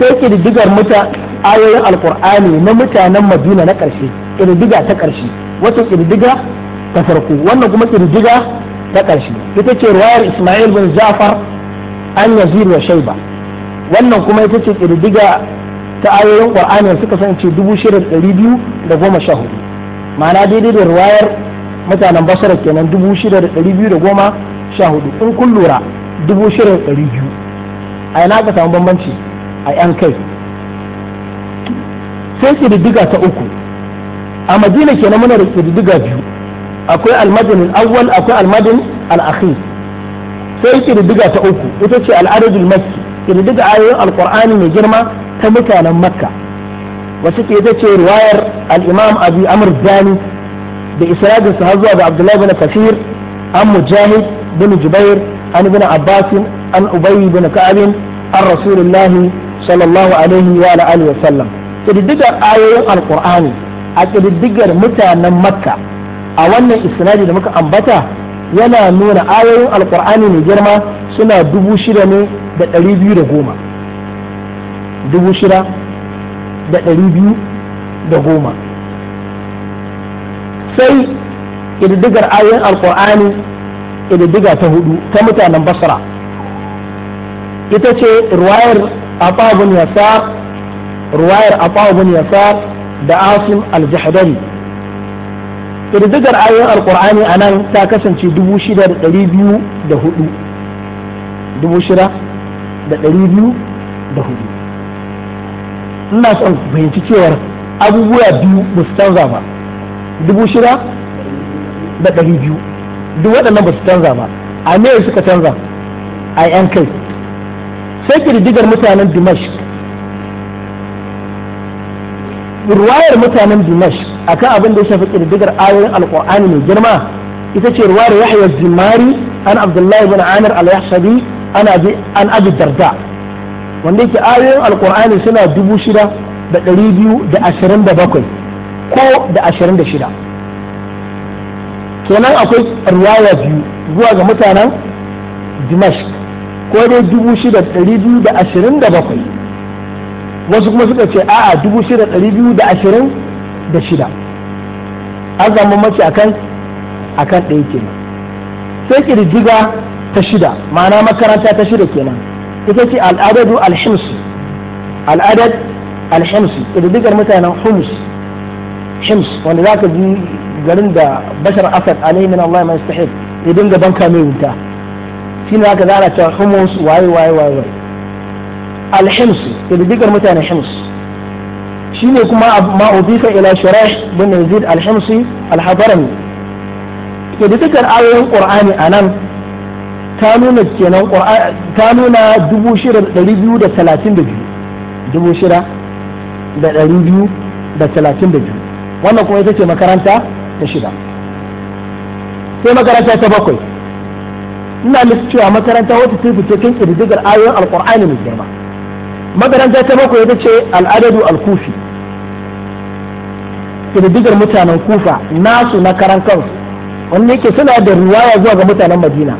sai ƙididdigar muta ayoyin alkur'ani na mutanen madina na ƙarshe ƙididdiga ta ƙarshe wata ƙididdiga ta farko wannan kuma ƙididdiga ta ƙarshe ita ce ruwayar ismail bin jafar an yazir wa shaiba wannan kuma ita ce ƙididdiga ta ayoyin ƙur'ani suka sanci dubu shida da ɗari biyu da goma sha hudu ma'ana daidai da ruwayar mutanen basara kenan dubu shida da ɗari biyu da goma sha hudu in kun lura dubu shida da ɗari biyu a yana ka samu bambanci a 'yan kai sai ƙididdiga ta uku a madina ke muna da ƙididdiga biyu akwai almadinin awwal akwai almadin al'akhir sai ƙididdiga ta uku ita ce al'adadul makki ƙididdiga ayoyin alƙur'ani mai girma ta mutanen makka wasu ke ita ce riwayar al'imam abu amr zani da isra'adinsa har zuwa ga abdullahi bin kafir an mujahid bin jubair an bin abbasin an ubayi bin ka'abin an rasulullahi sallallahu alaihi wa alihi wa sallam kididdigar ayoyin alqur'ani a kididdigar mutanen makka a wannan isnadi da muka ambata yana nuna ayoyin alqur'ani mai girma suna dubu shida sai ƙididdigar ayoyin alƙur'ani ƙididdiga ta hudu ta mutanen basra ita ce ruwayar afa bin yasar ruwayar afa bin yasar da asim al-jahdari ƙididdigar ayoyin alkur'ani a nan ta kasance dubu shida da ɗari biyu da hudu dubu shida da ɗari biyu da hudu ina son fahimci cewar abubuwa biyu ba su canza ba dubu shida da ɗari biyu duk waɗannan ba su canza ba a me suka canza a 'yan kai sai kirdigar mutanen dimash ruwayar mutanen dimash akan abin da ya shafi kirdigar ayoyin alkur'ani mai girma ita ce ruwayar yahya zimari an abdullahi bin amir al-yahsabi an abi darda wanda yake ayoyin alkur'ani suna dubu shida da ɗari biyu da ashirin da bakwai ko da ashirin da shida kenan akwai ruwaya biyu zuwa ga mutanen dimash ko dai dubu shida ɗari biyu da ashirin da bakwai wasu kuma suka ce a'a dubu shida ɗari biyu da ashirin da shida an zama mace akan kan ɗaya kenan sai ƙirjiga ta shida ma'ana makaranta ta shida kenan ita ce al'adadu alhimsu al'adad himsu ƙirjigar mutanen humus hims wanda za ka ji garin da bashar asad alaihi min allah mai istahib ya dinga banka mai wuta shine zaka zara ta humus waye waye waye al-hims kididdigar mutanen Shi ne kuma ma udifa ila shuraish bin yazid al-himsi al-hadarami kididdigar ayoyin qur'ani anan ta nuna kenan ta nuna dubu shida dari biyu da talatin da biyu dubu shida da dari biyu da talatin da biyu wannan kuma ita ce makaranta ta shida sai makaranta ta bakwai ina musu cewa makaranta wata ta kin ƙididdigar ayoyin alƙur'ani mai girma makaranta ta bakwai ita ce al'adadu al-kufi ƙididdigar mutanen kufa nasu na karan kansu wanda yake suna da riwaya zuwa ga mutanen madina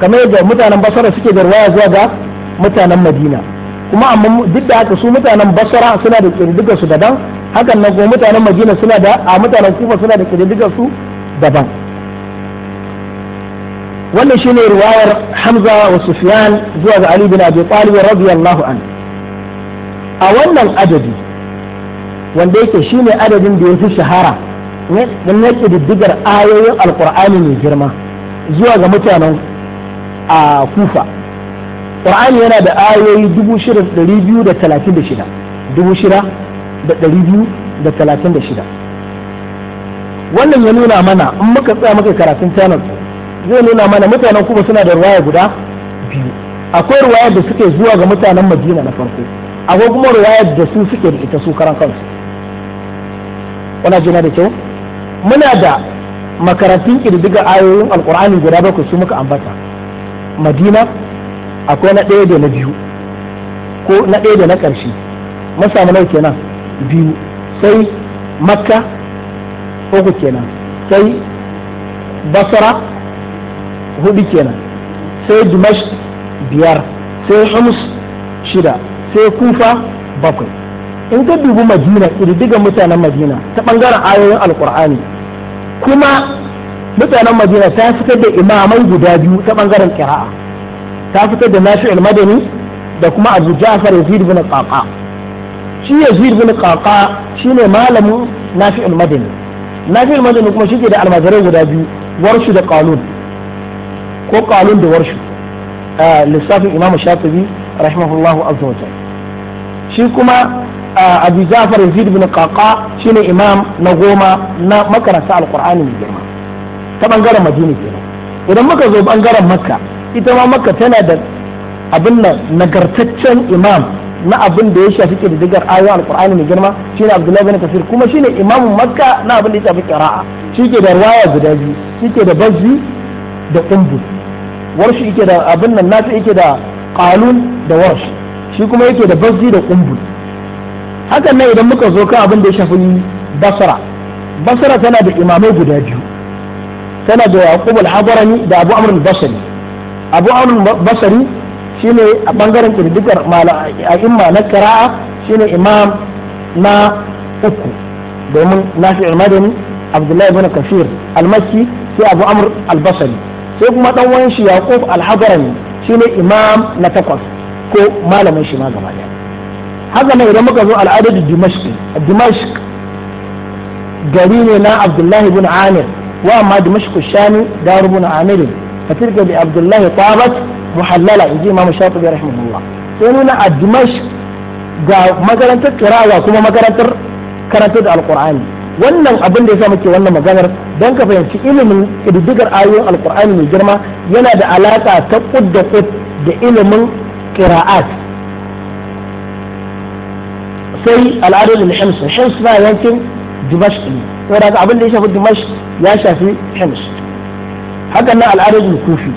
kamar yadda mutanen basara suke da riwaya zuwa ga mutanen madina kuma amma duk da haka su mutanen basara suna da ƙididdigar su daban hakan nan kuma mutanen madina suna da a mutanen kufa suna da ƙididdigar su daban wannan shine riwayar hamza wa sufyan zuwa ga ali bin abi talib radiyallahu an a wannan adadi wanda yake shine adadin da yafi shahara na diddigar ayoyin alqur'ani mai girma zuwa ga mutanen a kufa qur'ani yana da ayoyi 6236 6236 wannan ya nuna mana in muka tsaya muka karatun tanatsu zai nuna mana mutanen kuma suna da ruwaya guda biyu akwai ruwaya da suke zuwa ga mutanen madina na farko akwai kuma ruwaya da su suke da ita su karan kansu wana jina da kyau muna da makarantun ƙididdigar ayoyin alkur'ani guda bakwai su muka ambata madina akwai na ɗaya da na biyu ko na ɗaya da na ƙarshe mun nau kenan biyu sai makka uku kenan sai basara. hudu kenan sai dimash biyar sai hamus shida sai kufa bakwai in ka dubi madina ƙididdigan mutanen madina ta ɓangaren ayoyin alkur'ani kuma mutanen madina ta fitar da imamai guda biyu ta ɓangaren ƙira'a ta fitar da nashi madani da kuma abu ja'far yazid bin ƙaƙa shi yazid ƙaƙa shi ne malamin nafi'ul madani nafi'ul madani kuma shi ke da almajirai guda biyu warshu da qalun ko qalun da warshu lissafin imam shafi'i rahimahullahu azza wajal shi kuma abu zafar yazid bin qaqa shine imam na goma na makaranta alqur'ani mai girma ta bangaren madina kenan idan muka zo bangaren makka ita ma makka tana da abin nan nagartaccen imam na abin da ya shafi digar ayoyin alkur'ani mai girma shine abdullahi bin kasir kuma shine imam makka na abin da ya shafi qira'a shi ke da riwaya guda biyu shi ke da bazzi da kumbu warshi yake da abin nan nafi yake da qalun da warshi shi kuma yake da bazzi da ƙumbu, hakan nan idan muka zo kan abin da ya shafi basra basra tana da imamai guda biyu tana da yaqub al da abu amr al-basri abu amr al-basri shine a bangaren kirdikar a'imma na qira'a shine imam na uku domin nafi al-madani abdullahi ibn kafir al-makki sai abu amr al-basri sai kuma dan wani shi yaqub al-hadrami shine imam na takwas ko malamin shi ma gaba daya haka nan idan muka zo al'adar dimashq dimashq gari ne na abdullahi bin amir wa amma dimashq shami daru bin amir bi abdullahi tabat muhallala inji imam shafi'i rahimahullah sai nuna a dimashq ga makarantar qira'a kuma makarantar karantar da alqur'ani wannan abin da ya sa muke wannan maganar don ka fahimci ilimin kididdigar ayoyin alkur'ani mai girma yana da alaka ta kud da da ilimin qira'at sai al'adul al-hims hims na yankin dimashq ne saboda abin da ya shafi Dimash ya shafi hims hakan nan al'adul kufi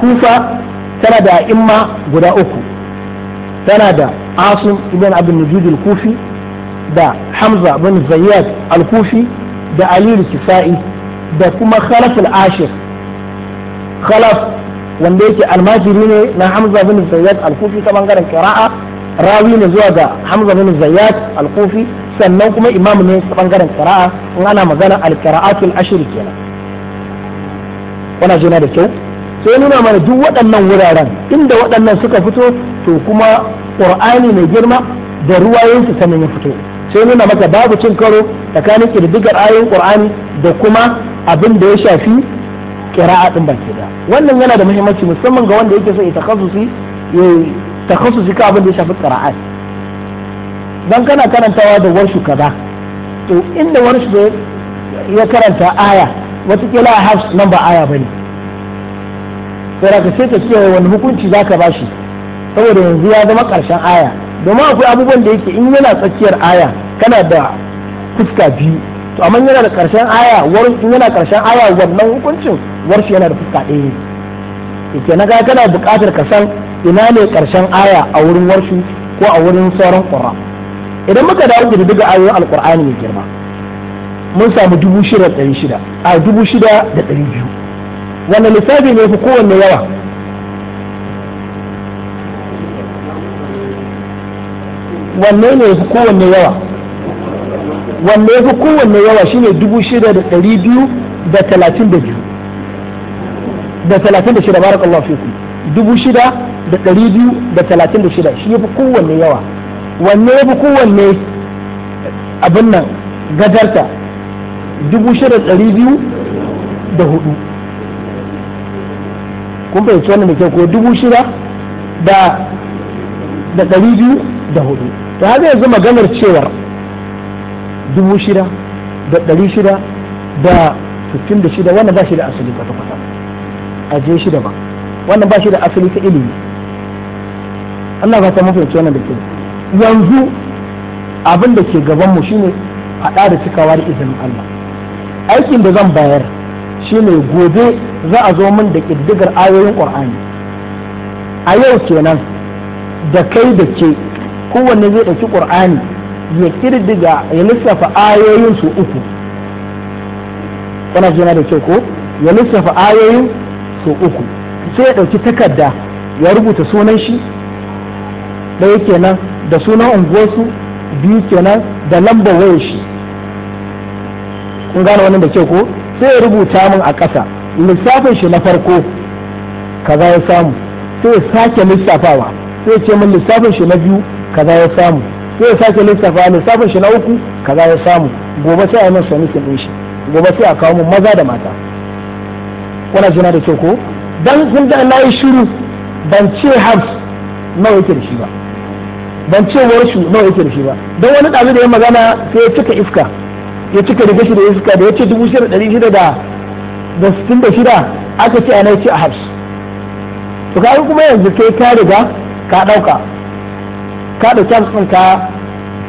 kufa tana da imma guda uku tana da asim ibn abdul najud kufi da hamza bin zayyad al-kufi da aliyu kisa'i da kuma khalaf al-ashir khalaf wanda yake almajiri ne na hamza bin zayyad al-kufi ta bangaren qira'a rawi ne zuwa ga hamza bin zayyad al-kufi sannan kuma imam ne ta bangaren qira'a in ana magana al-qira'atul ashir kenan wannan jina da kyau sai nuna mana duk waɗannan wuraren inda waɗannan suka fito to kuma ƙur'ani mai girma da ruwayensu sanin ya fito sai nuna maka babu cin karo tsakanin ƙididdigar ayoyin qur'ani da kuma abin da ya shafi ƙira'a ɗin baki da wannan yana da muhimmanci musamman ga wanda yake so ya takhasusi takhasusi ka abin da ya shafi qira'at dan kana karantawa da warshu kaza to inda warshu ya karanta aya watakila a hafs nan ba aya bane sai ka sai ka ce wani hukunci zaka bashi saboda yanzu ya zama ƙarshen aya domin akwai abubuwan da yake in yana tsakiyar aya kana da fuska biyu to amma yana da karshen aya in yana karshen aya wannan hukuncin warshi yana da fuska ɗaya yake na kana buƙatar ka san ina ne karshen aya a wurin warshi ko a wurin sauran ƙura idan muka dawo da duka ayoyin alƙur'ani mai girma mun samu dubu shida da ɗari shida a dubu shida da ɗari biyu wanda lissafi ne fi kowanne yawa wanne ne fi kowanne yawa wanne ya fi kowanne yawa shine dubu shida da ɗari biyu da talatin da biyu da talatin da shida barakallahu fiku dubu shida da ɗari biyu da talatin da shida shi ya fi kowanne yawa wanne ya fi kowanne abin nan gadarta dubu shida da ɗari biyu da hudu kun fahimci wannan da kyau ko dubu shida da ɗari biyu da hudu Ta haka yanzu maganar cewar dubu shida da ɗari shida da sittin da shida wannan ba shi da asali kwata-kwata a je shida ba wannan ba shi da asali ta ilimi Allah ba ta mafi wannan da ke yanzu abin da ke gabanmu shine haɗa da cikawa da izinin Allah aikin da zan bayar shine gobe za a zo min da ƙiddigar ayoyin ƙur'ani a yau kenan da kai da ke kowanne zai ɗauki ƙur'ani ya kirdiga ya lissafa ayoyin su uku kuna jina da kyau ko ya lissafa ayoyin su uku sai ya ɗauki takarda ya rubuta sunan shi ɗaya kenan da sunan unguwarsu biyu kenan da lambar wayar shi kun gane wannan da kyau ko sai ya rubuta min a ƙasa lissafin shi na farko kaza ya samu sai ya sake lissafawa sai ya ce min lissafin shi na biyu kaza ya samu sai ya sake lissafa lissafin shi na uku kaza ya samu gobe sai a yi min sanikin din shi gobe sai a kawo min maza da mata kuna jina da ke ko dan sun da na yi shiru ban ce habs nawa yake da shi ba ban ce warshu nawa yake da shi ba don wani ɗazu da ya magana sai ya cika iska ya cika riga shi da iska da ya ce dubu shida ɗari shida da da sittin da shida aka ce a yi ce a habs to kaga kuma yanzu kai ka riga ka ɗauka ka ɗauki ɗin ka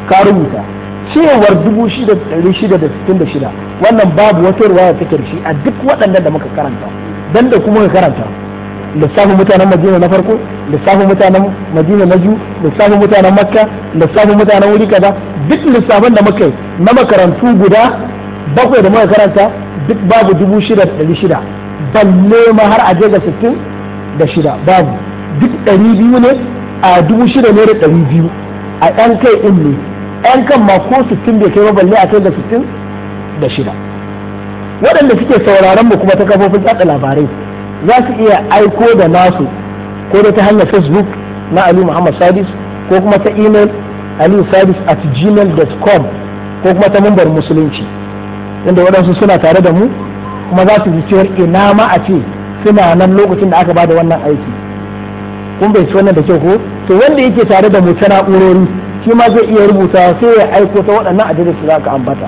ka rubuta cewar dubu shida ɗari shida da sittin da shida wannan babu wata ruwaya ta karshe a duk waɗannan da muka karanta dan da kuma ka karanta lissafin mutanen madina na farko lissafin mutanen madina na biyu lissafin mutanen makka lissafin mutanen wuri kaza duk lissafin da muka na makarantu guda bakwai da muka karanta duk babu dubu shida da ɗari shida balle ma har a je ga sittin da shida babu duk ɗari biyu ne a dubu shida ne da ɗari biyu a ɗan kai ɗin ne ɗan kan ma ko sittin bai kai ba balle a kai da sittin da shida waɗanda suke sauraron mu kuma ta kafofin yaɗa labarai za su iya aiko da nasu ko da ta hanyar facebook na ali muhammad sadis ko kuma ta email ali sadis at gmail.com ko kuma ta mambar musulunci inda waɗansu suna tare da mu kuma za su ji cewar ina ma a ce suna nan lokacin da aka ba da wannan aiki kun bai wannan da kyau ko to wanda yake tare da mu ta na'urori shi ma zai iya rubuta sai ya aiko ta waɗannan su za ka ambata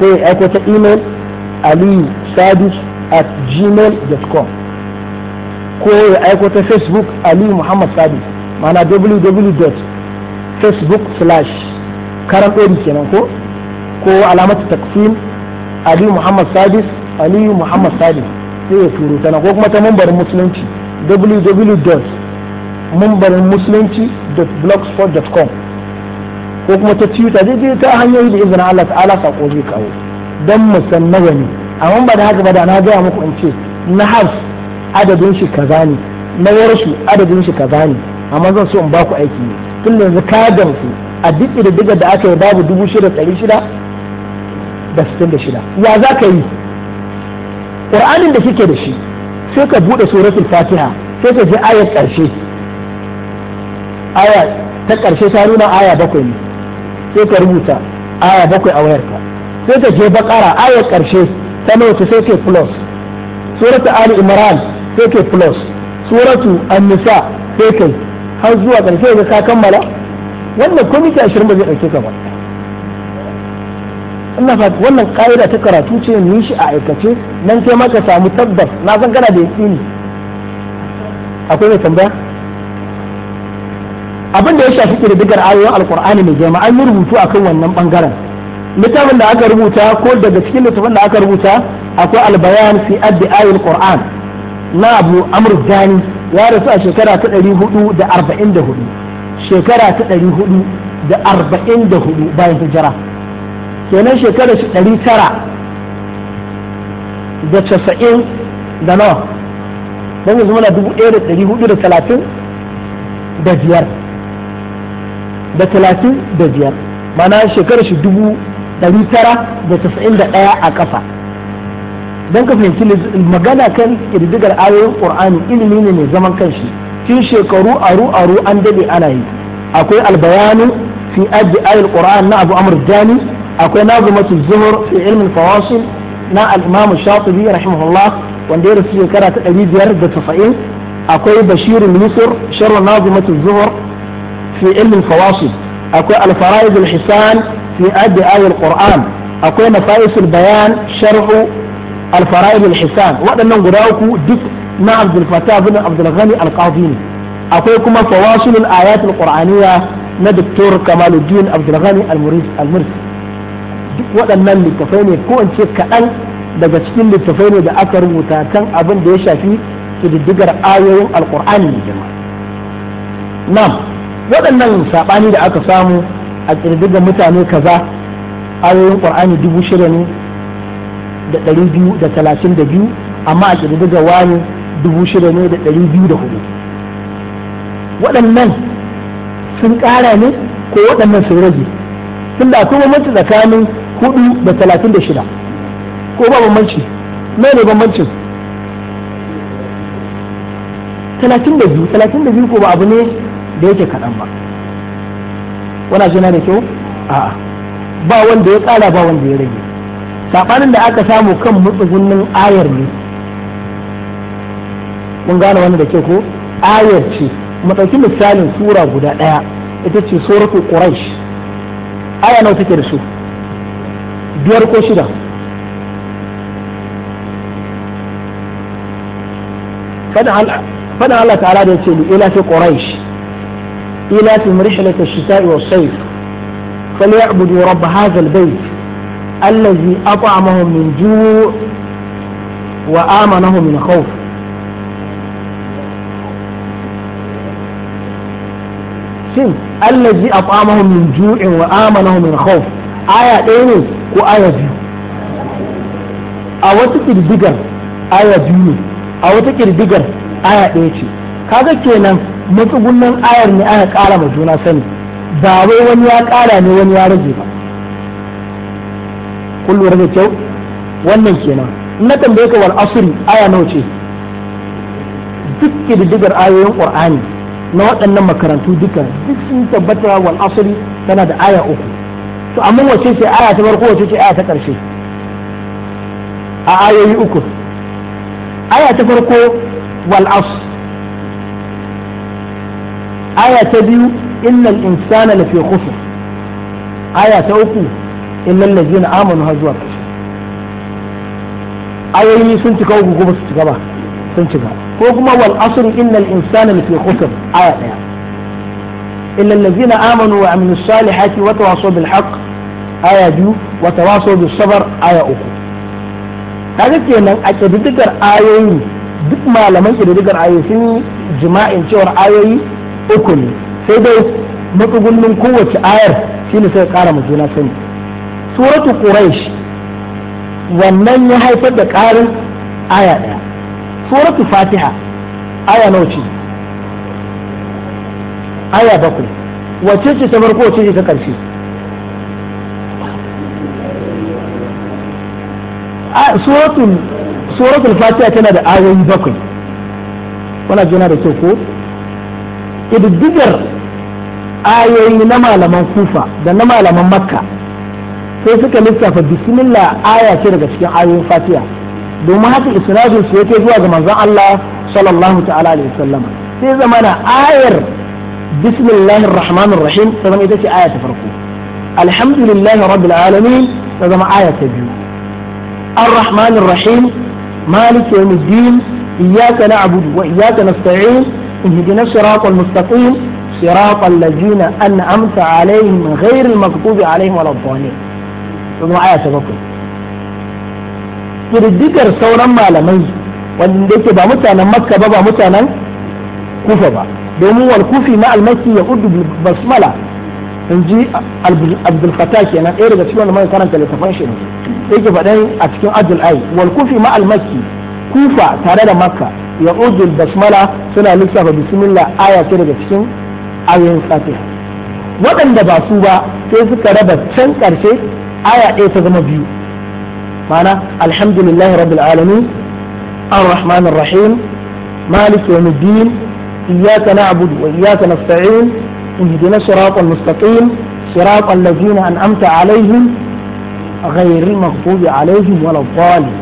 sai ya aiko ta email aliyu sadis at gmail.com ko ya aiko ta facebook ali muhammad sadis mana www.facebook slash karan ɗori kenan ko ko alamat taksim ali muhammad sadis ali muhammad sadis sai ya turo tana ko kuma ta mambarin musulunci www.facebook mumbarin musulunci.blogspot.com ko kuma ta twitter daidai ta hanyoyi da izinin Allah ta'ala sako zai kawo don musan nawa ne amma ba da haka ba da na gaya muku in ce na hafs adadin shi kaza ne na yarsu adadin shi kaza ne amma zan so in ba ku aiki ne tun yanzu ka gamsu a duk diga da aka yi babu dubu shida ɗari shida da sittin da shida ya za ka yi ƙur'anin da kike da shi sai ka buɗe suratul fatiha sai ka je ayar ƙarshe aya ta ƙarshe ta nuna aya bakwai ne sai ka rubuta aya bakwai a wayarka sai ka je bakara aya ƙarshe ta nauta sai ke plus suratu ali imran sai ke plus suratu annisa sai ke har zuwa ƙarshe ga ka kammala wannan ko miki ashirin ba zai dauke ka ba ina fa wannan ƙa'ida ta karatu ce ni shi a aikace nan kai maka ka samu tabbas na san kana da yaƙini akwai mai tambaya abin da ya shafi kirdigar ayoyin alkur'ani mai girma an yi rubutu a kan wannan ɓangaren. littafin da aka rubuta ko daga cikin littafin da aka rubuta akwai albayan fi addi ayoyin qur'an na abu amr Gani, ya rasu a shekara ta ɗari hudu da arba'in da hudu shekara ta ɗari hudu da arba'in da hudu bayan hijira kenan shekara shi ɗari tara da casa'in da nawa don yanzu muna dubu ɗaya da ɗari hudu da talatin da biyar da talatin da biyar mana shekarar shi dubu ɗari tara da tasa'in da ɗaya a ƙasa don ka fahimci magana kan ƙididdigar ayoyin ƙur'ani ilimi ne mai zaman kanshi tun shekaru aru aru an daɗe ana yi akwai albayanu fi addi ayil ƙur'an na abu amur jani akwai nazumatul zuhur fi ilmin fawasil na al-imam rahimahullah wanda ya rasu shekara ta ɗari biyar da tasa'in akwai bashirin yusur sharru nazumatul zuhur fi ilmin akwai al-fara'id fi addu'a al-qur'an akwai nafa'is al-bayan sharhu al-fara'id waɗannan guda uku duk na Abdul Fattah bin Abdul Ghani al-Qadini akwai kuma fawasil al-ayat na Dr. Kamaluddin Abdul Ghani al duk waɗannan littafai ko in kaɗan daga cikin littafai ne da aka rubuta kan abin da ya shafi kididdigar ayoyin alkur'ani ne jama'a waɗannan saɓani da aka samu a ƙirƙirar mutane kaza ayoyin ƙwar'ani dubu shida ne da ɗari biyu da talatin da biyu amma a ƙirƙirar wani dubu shida ne da ɗari biyu da hudu waɗannan sun ƙara ne ko waɗannan sun rage sun da kuma mace tsakanin hudu da talatin da shida ko ba bambanci me bambancin talatin da biyu talatin da biyu ko ba abu ne da yake kaɗan ba wana na da kyau a ba wanda ya ƙara ba wanda ya rage saɓanin da aka samu kan mutsugunnin ayar ne mun gane wani da kyau ko ayar ce mu misalin sura guda ɗaya ita ce suratul quraish aya nawa take da su biyar ko shida fadin Allah ta'ala da ya ce ila fi إيلافهم رحلة الشتاء والصيف فليعبدوا رب هذا البيت الذي أطعمهم من جوع وآمنهم من خوف shin allazi at'amahum min ju'in wa amanahum min khawf aya ɗaya ne ko aya biyu a wata kirdigar aya biyu ne a wata kirdigar aya ɗaya ce kaga kenan matsugunan ayar ne aka kara ma juna sani ba wai wani ya kara ne wani ya rage ba kun lura da kyau wannan kenan in na tambaye ka wal asri aya nawa ce duk kididdigar ayoyin qur'ani na waɗannan makarantu duka duk sun tabbata wal asri tana da aya uku to amma wace ce aya ta farko wace ce aya ta ƙarshe a ayoyi uku aya ta farko wal asr aya ta biyu innal insana lafi khusr aya ta uku illal ladzina amanu har zuwa ƙarshe ayoyi sun cika uku kuma su cika ba sun cika ko kuma wal asr innal insana lafi khusr aya daya illal ladzina amanu wa amilus salihati wa tawasaw bil haqq aya biyu wa tawasaw bis sabr aya uku kaga kenan a kididdigar ayoyi duk malaman kididdigar ayoyi sun jima'in cewar ayoyi uku ne sai dai matsugunnin kowace ayar shine sai ƙara ma juna sani suratu quraish wannan ya haifar da ƙarin aya daya suratu fatiha aya nawa ce aya bakwai wacce ce ta farko wacce ce ta ƙarshe suratul fatiha tana da ayoyi bakwai wannan juna da kyau ko ƙididdigar ayoyi na malaman kufa da na malaman makka sai suka lissafa bismillah aya ce daga cikin ayoyin fatiha domin haka isnadin su yake zuwa ga manzon Allah sallallahu ta'ala alaihi na sai zamana ayar bismillahir rahmanir rahim ta zama ita ce aya ta farko alhamdulillahi rabbil alamin ta zama aya ta biyu الرحمن الرحيم مالك يوم الدين إياك نعبد وإياك نستعين اهدنا الصراط المستقيم صراط الذين أنعمت عليهم غير المغضوب عليهم ولا الضالين ثم آية bakwai ƙididdigar sauran malamai wanda yake ba mutanen makka ba ba mutanen kufa ba domin wal kufi ma almaki ya udu basmala in ji abdulfata kenan ɗaya daga cikin wanda karanta littafan shi ne yake faɗin a cikin ajul ai wal kufi kufa tare da makka ya uzul basmala suna lissafa bismillah aya ce daga cikin ayoyin fatiha waɗanda ba su ba sai suka raba can ƙarshe aya ɗaya ta zama biyu mana alhamdulillahi rabbil alamin ar-rahman ar-rahim malik yawm ad-din iyyaka na'budu wa iyyaka nasta'in ihdina siratal mustaqim siratal ladzina an'amta alaihim غير المغضوب عليهم ولا الضالين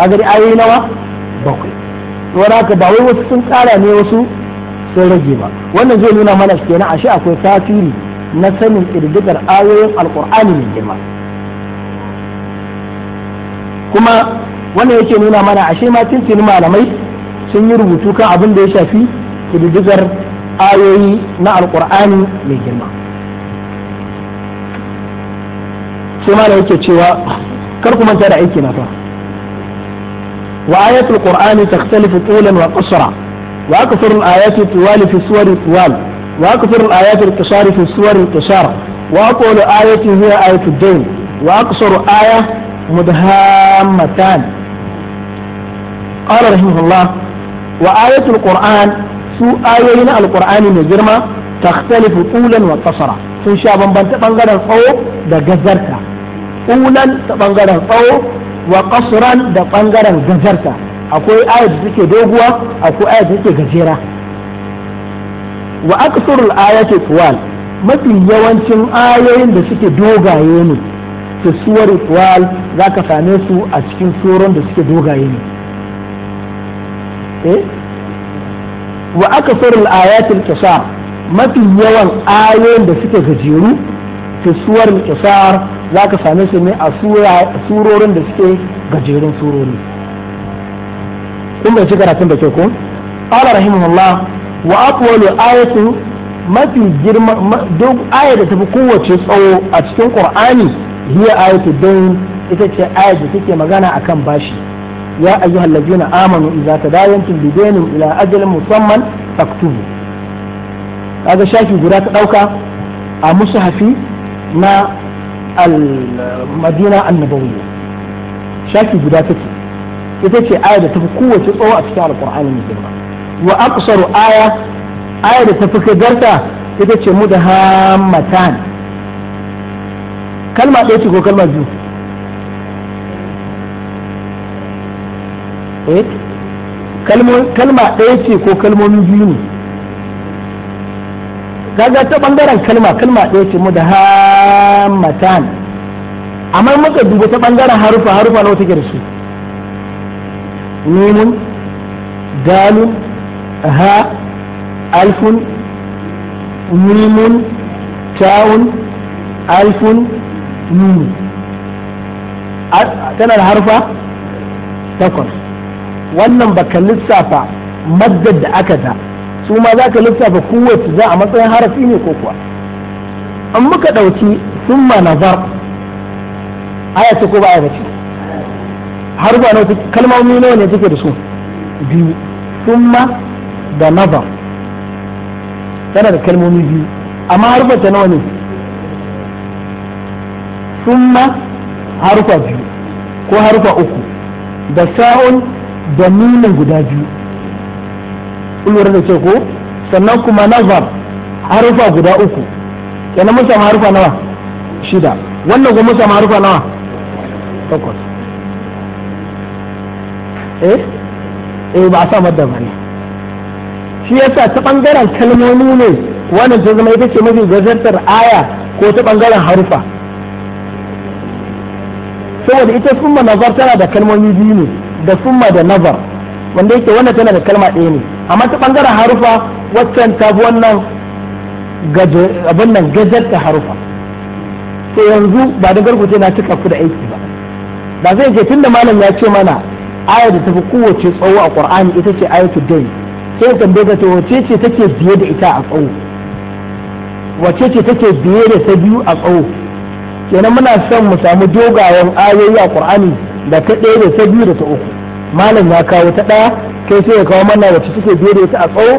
هذه الآية نوى بقي wani haka ba wai wasu sun tsara ne wasu sun rage ba wannan zai nuna mana kenan ashe akwai tasiri na sanin ƙididdigar ayoyin alƙur'ani mai girma kuma wannan yake nuna mana ashe ma tuntuni malamai sun yi rubutu kan abin da ya shafi ƙididdigar ayoyi na alƙur'ani mai girma sai malam yake cewa kar ku manta da aiki na fa وآيات القرآن تختلف طولا وقصرا وأكثر الآيات الطوال في السور الطوال وأكثر الآيات القصار في السور القصار وأطول آية هي آية الدين وأقصر آية مدهامتان قال رحمه الله وآية القرآن su ayoyin alkur'ani mai girma takhtalifu tulan wa qasara sun sha bambanta bangaren tsawo da gazarta tulan ta bangaren tsawo wa kasuran da ɓangaren gajarta akwai ayat da take doguwa akwai ayat da take gajera wa aksarul ayati tuwal mafi yawancin ayoyin da suke dogaye ne su suwar tuwal za ka same su a cikin suran da suke dogaye ne eh wa aksarul ayatil qisar mafi yawan ayoyin da suke gajeru su suwar qisar za ka same su ne a surorin da suke gajerun surori kun bai ci karatun da ke ko qala rahimahullah wa aqwalu ayatu mafi girma duk ayar da tafi kowace tsawo a cikin qur'ani hiya ayatu dayn ita ce ayar da take magana akan bashi ya ayyuhal ladina amanu idza tadayantum bidaynin ila ajalin musamman Ka ga shafi guda ta ɗauka a mushafi na al-madina annabawiyya shafi guda take ita ce aya da tafi kowace tsawo a cikin alqur'ani ne girma wa aqsaru aya aya da tafi kadarta ita ce mudahammatan kalma ɗaya ce ko kalma biyu eh? kalma ɗaya ce ko kalmomi biyu ne kaga ta bangaren kalma kalma ɗaya ce mu da hammatan amma muka duba ta bangaren harufa harufa na wata da su mimun dalun ha alfun mimun tawun alfun nun tana da harufa takwas wannan baka lissafa maddar da aka ta su ma za ka lissafa kowace za a matsayin harafi ne ko kuwa an muka ɗauki sun ma na aya ce ko ba a ba har ba wata kalmomi nawa ne take da su biyu sun ma da nazar tana da kalmomi biyu amma ba ta nawa ne sun ma harfa biyu ko harfa uku da sa'un da nunin guda biyu lura da ce ko sannan kuma nazar harufa guda uku kenan mun samu harufa nawa shida wannan kuma mun samu harufa nawa takwas eh eh ba a sa madda ba ne shi yasa ta bangaren kalmomi ne wannan ta zama ita ce mafi gazartar aya ko ta bangaren harufa saboda ita summa nazar tana da kalmomi biyu ne da summa da nazar wanda yake wannan tana da kalma ɗaya ne amma ta bangaren harufa waccan ta fi wannan abin nan gajar ta harufa to yanzu ba da garkuce na cika ku da aiki ba ba zai je tunda malam ya ce mana aya da tafi kowace tsawo a ƙwar'ani ita ce ayatu dai sai ya tambaye ta wace ce take biye da ita a tsawo wace ce take biye da ta biyu a tsawo kenan muna son mu samu dogayen ayoyi a ƙwar'ani da ta ɗaya da ta biyu da ta uku malam ya kawo ta ɗaya kai sai ya kawo mana wacce take biye da ita a tsawo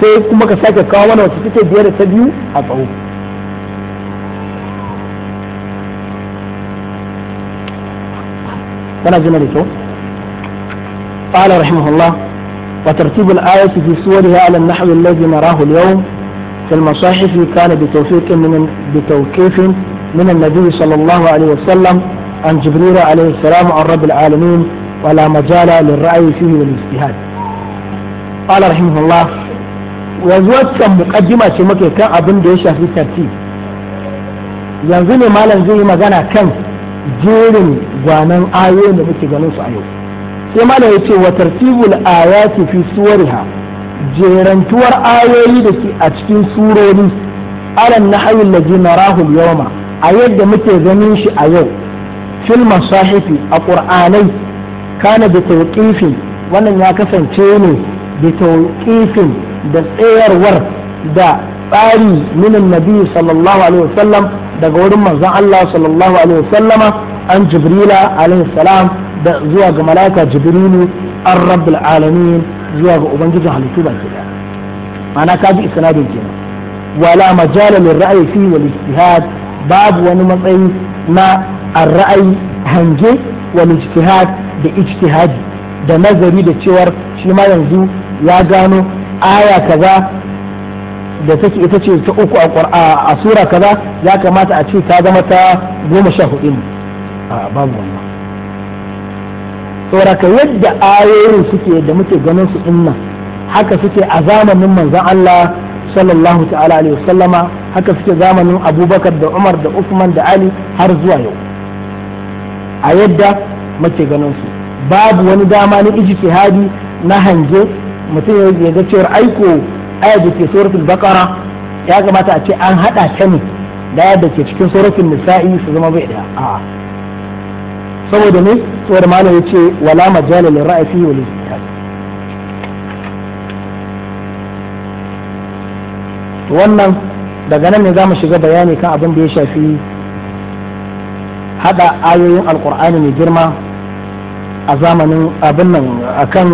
sai kuma ka sake kawo mana wacce take da ta biyu a tsawo kana jina da kyau قال رحمه الله وترتيب الآية في سورها على النحو الذي نراه اليوم في المصاحف كان بتوفيق من بتوكيف من النبي صلى الله عليه وسلم عن جبريل عليه السلام عن رب العالمين ولا مجال للرأي فيه والاجتهاد قال mu الله ce muke kan abin da ya shafi الترتيب yanzu ne malam zai yi magana kan jerin gwanan ayoyin da muke ganin a yau sai malam ya ce wa tartibul ayati fi suwariha jerantuwar ayoyi da ke a cikin surori alan nahyi allazi narahu yawma a yadda muke ganin shi a yau fil masahifi a qur'anai kana da tauƙifin wannan ya kasance ne da tauƙifin da tsayarwar da tsari minin nabi sallallahu alaihi wasallam daga wurin manzon Allah sallallahu alaihi wasallama an jibrila alaihi salam da zuwa ga malaka jibrilu an rabbul alamin zuwa ga ubangijin halittu baki daya ma'ana kaji isnadin kenan wala majala lil ra'yi fi wal babu wani matsayi na ar-ra'ayi hange wal ijtihad da ijtihadi da nazari da cewar shi ma yanzu ya gano aya kaza da take ita ce ta uku a sura kaza ya kamata a ce ta zama ta goma sha hudu ne a babu wannan sauraka yadda ayoyin suke da muke ganin su inna haka suke a zamanin manzon Allah sallallahu ta'ala alaihi wasallama haka suke zamanin abubakar da umar da usman da ali har zuwa yau a yadda muke ganin su babu wani dama na ijtihadi na hange mutum ya ga cewar aiko ayat da ke suratul baqara ya kamata a ce an hada ta ne da yadda ke cikin suratul nisa'i su zama bai da a saboda ne saboda malam ce wala majala lil ra'si wal wannan daga nan ne za mu shiga bayani kan abin da ya shafi hada ayoyin alkur'ani mai girma a zamanin abin nan akan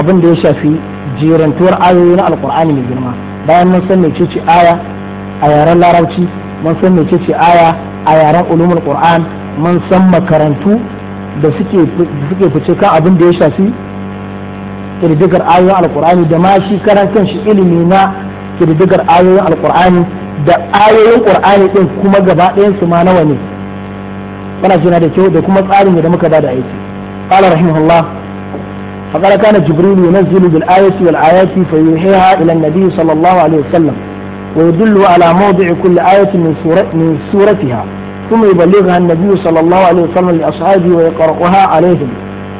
abin da ya shafi jirantuwar ayoyi na alkur'ani mai girma bayan mun san mecece aya a yaren larabci mun san mecece aya a yaren ulumul qur'an mun san makarantu da suke fice kan abin da ya shafi kirdigar ayoyin alkur'ani da ma shi karan shi ilimi na kirdigar ayoyin alkur'ani da ayoyin qur'ani din kuma gaba ɗayan su ma nawa ne muna suna da kyau da kuma tsarin da muka bada aiki qala rahimahullah faqala kana jibril yunzilu bil ayati wal ayati fa yuhiha ila an sallallahu alaihi wasallam wa yadullu ala mawdi'i kulli ayatin min surati min suratiha thumma yuballighuha an-nabi sallallahu alaihi wasallam li ashabihi wa yaqra'uha alaihim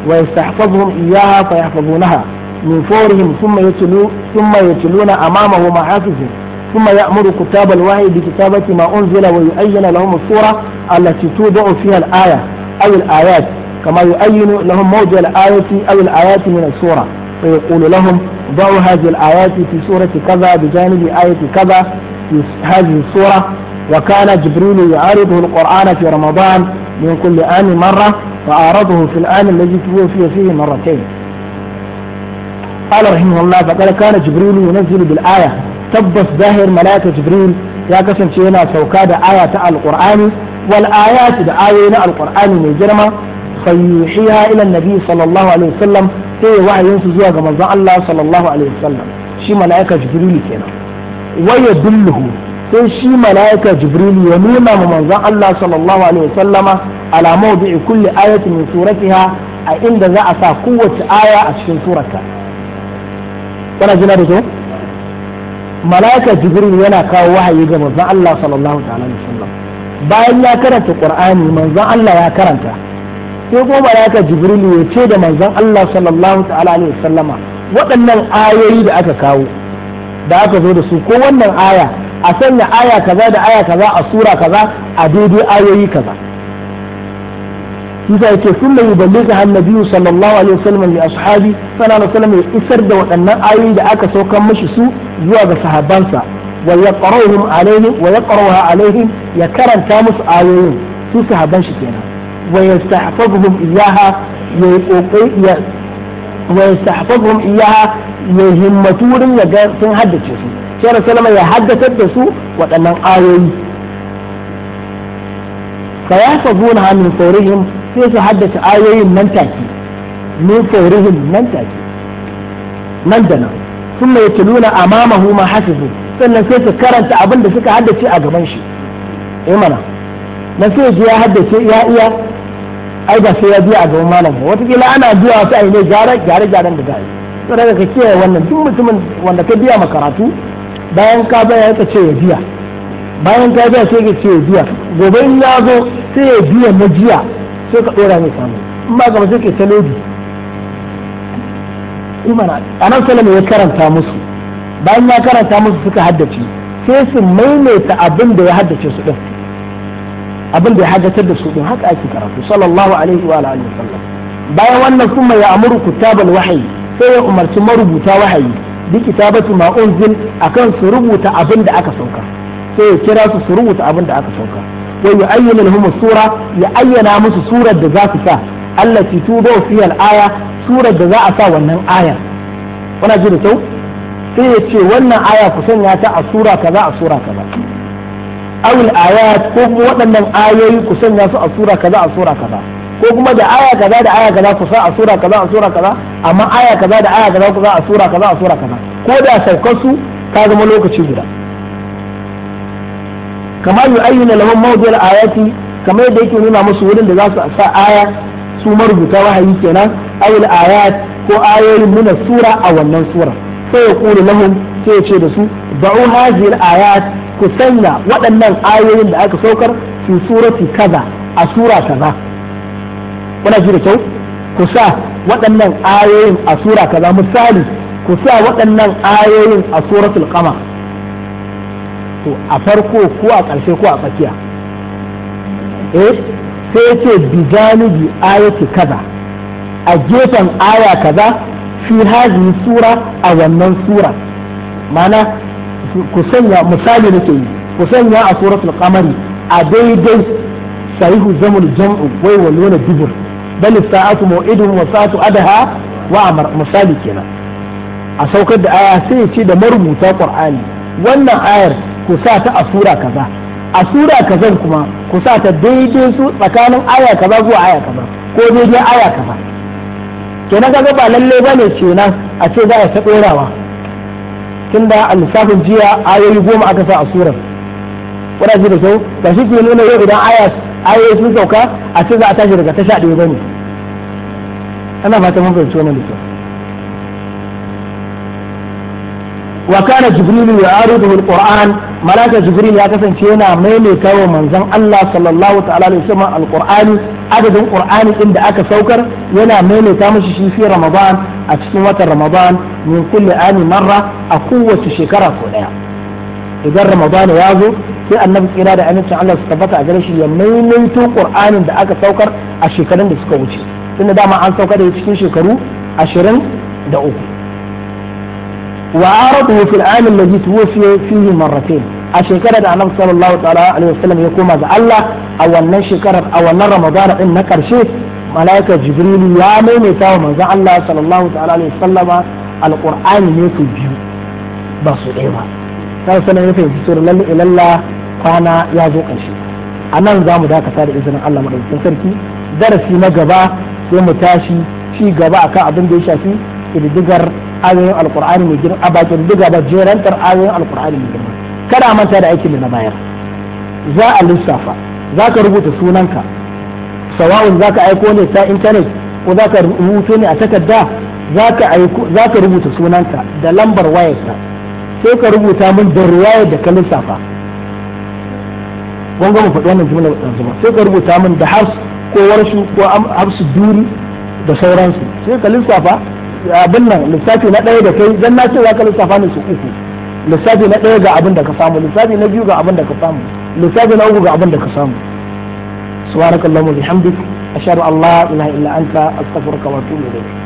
wa yastahfazuhum iyyaha fa yahfazunaha min fawrihim thumma yatlu thumma yatluna amamahu ma hafizuhu ثم يأمر كتاب الوحي بكتابة ما أنزل ويؤين لهم الصورة التي توضع فيها الآية أو الآيات كما يؤين لهم موضع الآية أو الآيات من الصورة فيقول لهم ضعوا هذه الآيات في سورة كذا بجانب آية كذا في هذه الصورة وكان جبريل يعرضه القرآن في رمضان من كل آن مرة فأعرضه في الآن الذي توفي فيه مرتين قال رحمه الله فقال كان جبريل ينزل بالآية tabbas zahir Malaka jibril ya kasance yana sauka da aya ta alqur'ani wal ayat da ayoyi na alqur'ani mai girma fayyuhiha ila nabi sallallahu alaihi wasallam sai ya wahayin su zuwa ga manzon Allah sallallahu alaihi wasallam shi mala'ika jibril kenan waya dulluhu sai shi mala'ika jibril ya nuna ma manzon Allah sallallahu alaihi wasallama ala mawdi'i kulli ayatin min suratiha a inda za a sa kowace aya a cikin surata kana jina da so malaka jibril yana kawo wahayi ga manzon Allah sallallahu alaihi wasallam bayan ya karanta qur'ani manzon Allah ya karanta sai kuma malaka jibril ya ce da manzon Allah sallallahu alaihi wasallama waɗannan ayoyi da aka kawo da aka zo da su ko wannan aya a sanya aya kaza da aya kaza a sura kaza a daidai ayoyi kaza yasa yake sunna yuballighu annabi sallallahu alaihi wasallam li ashabi sana alaihi wasallam ya isar da waɗannan ayoyi da aka saukan mashi su zuwa ga sahabbansa wa yaqra'uhum alaihim wa yaqra'uha alaihim ya karanta musu ayoyin su sahabban shi kenan wa yastahfazuhum iyaha ya kokari ya wa yastahfazuhum iyaha ya himmatu wurin ya ga sun haddace su sai sallama ya haddatar da su waɗannan ayoyi fa yahfazunaha min fawrihim sai su haddace ayoyin nan take ni fawrihim nan take nan da nan sun mai tuluna amamahu ma hasibu sannan sai su karanta abin da suka haddace a gaban shi eh mana na sai ya haddace ya iya ai ba sai ya biya a gaban malam ba wataƙila ana biya wasu a ne gyare gyaren da za sai to daga ka kiyaye wannan duk mutumin wanda ka biya makaratu bayan ka baya ya ce ya biya bayan ka biya sai ka ce ya biya gobe in ya zo sai ya biya na jiya sai ka ɗora ne samu in ba gaba sai ke ta lodi a anan salama ya karanta musu bayan ya karanta musu suka haddace sai su maimaita abin da ya haddace su din abin da ya haddatar da su din haka ake karatu sallallahu alaihi wa alihi wasallam bayan wannan kuma ya amuru kutabal wahayi sai ya umarci marubuta wahayi bi kitabatu ma unzil akan su rubuta abin da aka sauka sai ya kira su su rubuta abin da aka sauka ya ayyana lahum sura ya ayyana musu surar da za su sa allati tudu fi al-aya surar da za a sa wannan aya kuna ji da kyau sai ya ce wannan aya ku sanya ta a sura kaza a sura kaza awil ayat ko kuma waɗannan ayoyi ku sanya su a sura kaza a sura kaza ko kuma da aya kaza da aya kaza ku sa a sura kaza a sura kaza amma aya kaza da aya kaza ku sa a sura kaza a sura kaza ko da saukar su ka zama lokaci guda kama yu ayyuna lahum mawujiyar ayati kamar yadda yake nuna musu wurin da za su sa aya su marubuta wahayi kenan awil ayat ko ayoyin nuna sura a wannan sura sai ya kuri lahum sai ya ce da su da'u hadhihi ayat ku sanya waɗannan ayoyin da aka saukar fi surati kaza a sura kaza kuna ji da kyau ku sa waɗannan ayoyin a sura kaza misali ku sa waɗannan ayoyin a suratul qamar to a farko ko a ƙarshe ko a tsakiya eh sai yace ce bijanibi ayati kaza a gefen aya kaza fi hazi sura a wannan sura mana ku sanya misali nake yi ku sanya a suratul qamari a daidai sahihu zamul jam'u wai walwana dubur bal sa'atu maw'idun wa sa'atu adaha wa amr misali kenan a saukar da aya sai ya ce da marubuta qur'ani wannan ayar ku sa ta a sura kaza a sura kazan kuma ku sa ta daidai su tsakanin aya kaza zuwa aya kaza ko daidai aya kaza kenan kaga ba lalle bane kenan a ce za a ta dorawa tunda a lissafin jiya ayoyi goma aka sa a surar kuna ji da kyau ba shi ke nuna yau idan ayoyi sun sauka a ce za a tashi daga tasha ɗaya bane ana fata mun fahimci wannan lissafin Jibrilu ya يعارضه alquran malaka jibril ya kasance yana maimaita wa manzon Allah sallallahu ta'ala alaihi wasallam alqur'ani adadin qur'ani din da aka saukar yana maimaita mashi shi fi ramadan a cikin watan ramadan min kulli ani marra a kowace shekara ko daya idan ramadan ya zo sai annabi tsira da amincin Allah su tabbata a gare shi ya maimaito qur'anin da aka saukar a shekarun da suka wuce tunda dama an saukar da cikin shekaru ashirin da uku وعرضه في العام الذي توفي فيه مرتين الشكرة ده النبي صلى الله تعالى عليه وسلم يقوم مع الله أو أن شكرة أو أن رمضان إن كرشه ملائكة جبريل يا مين تاو الله صلى الله تعالى عليه وسلم القرآن يكي بيو بس إيوه صلى الله عليه وسلم سورة لله إلى الله كان يزوق الشيء أنا نزام ذاك صار إذن الله مدرسة سركي درسي نجبا يوم تاشي شي جبا أكا أبن ديشا في إلى دقر ayoyin alkur'ani mai girma a bakin diga ba jerantar ayoyin alkur'ani mai girma kada manta da aikin da na bayar za a lissafa za ka rubuta sunanka sawa'un za ka aiko ne ta intanet ko za ka rubuto ne a takarda za ka rubuta sunanka da lambar wayarsa sai ka rubuta min da riwayar da ka lissafa kun gama faɗi wannan jimla yanzu ba sai ka rubuta min da harsu ko warshu ko harsu duri da sauransu sai ka lissafa abin nan lissafi na ɗaya da kai zan na cewa ka lissafa ne su uku lissafi na ɗaya ga abin da ka samu lissafi na biyu ga abin da ka samu lissafi na uku ga abin da ka samu subhanakallahumma bihamdik ashhadu an la ilaha illa anta astaghfiruka wa atubu ilayk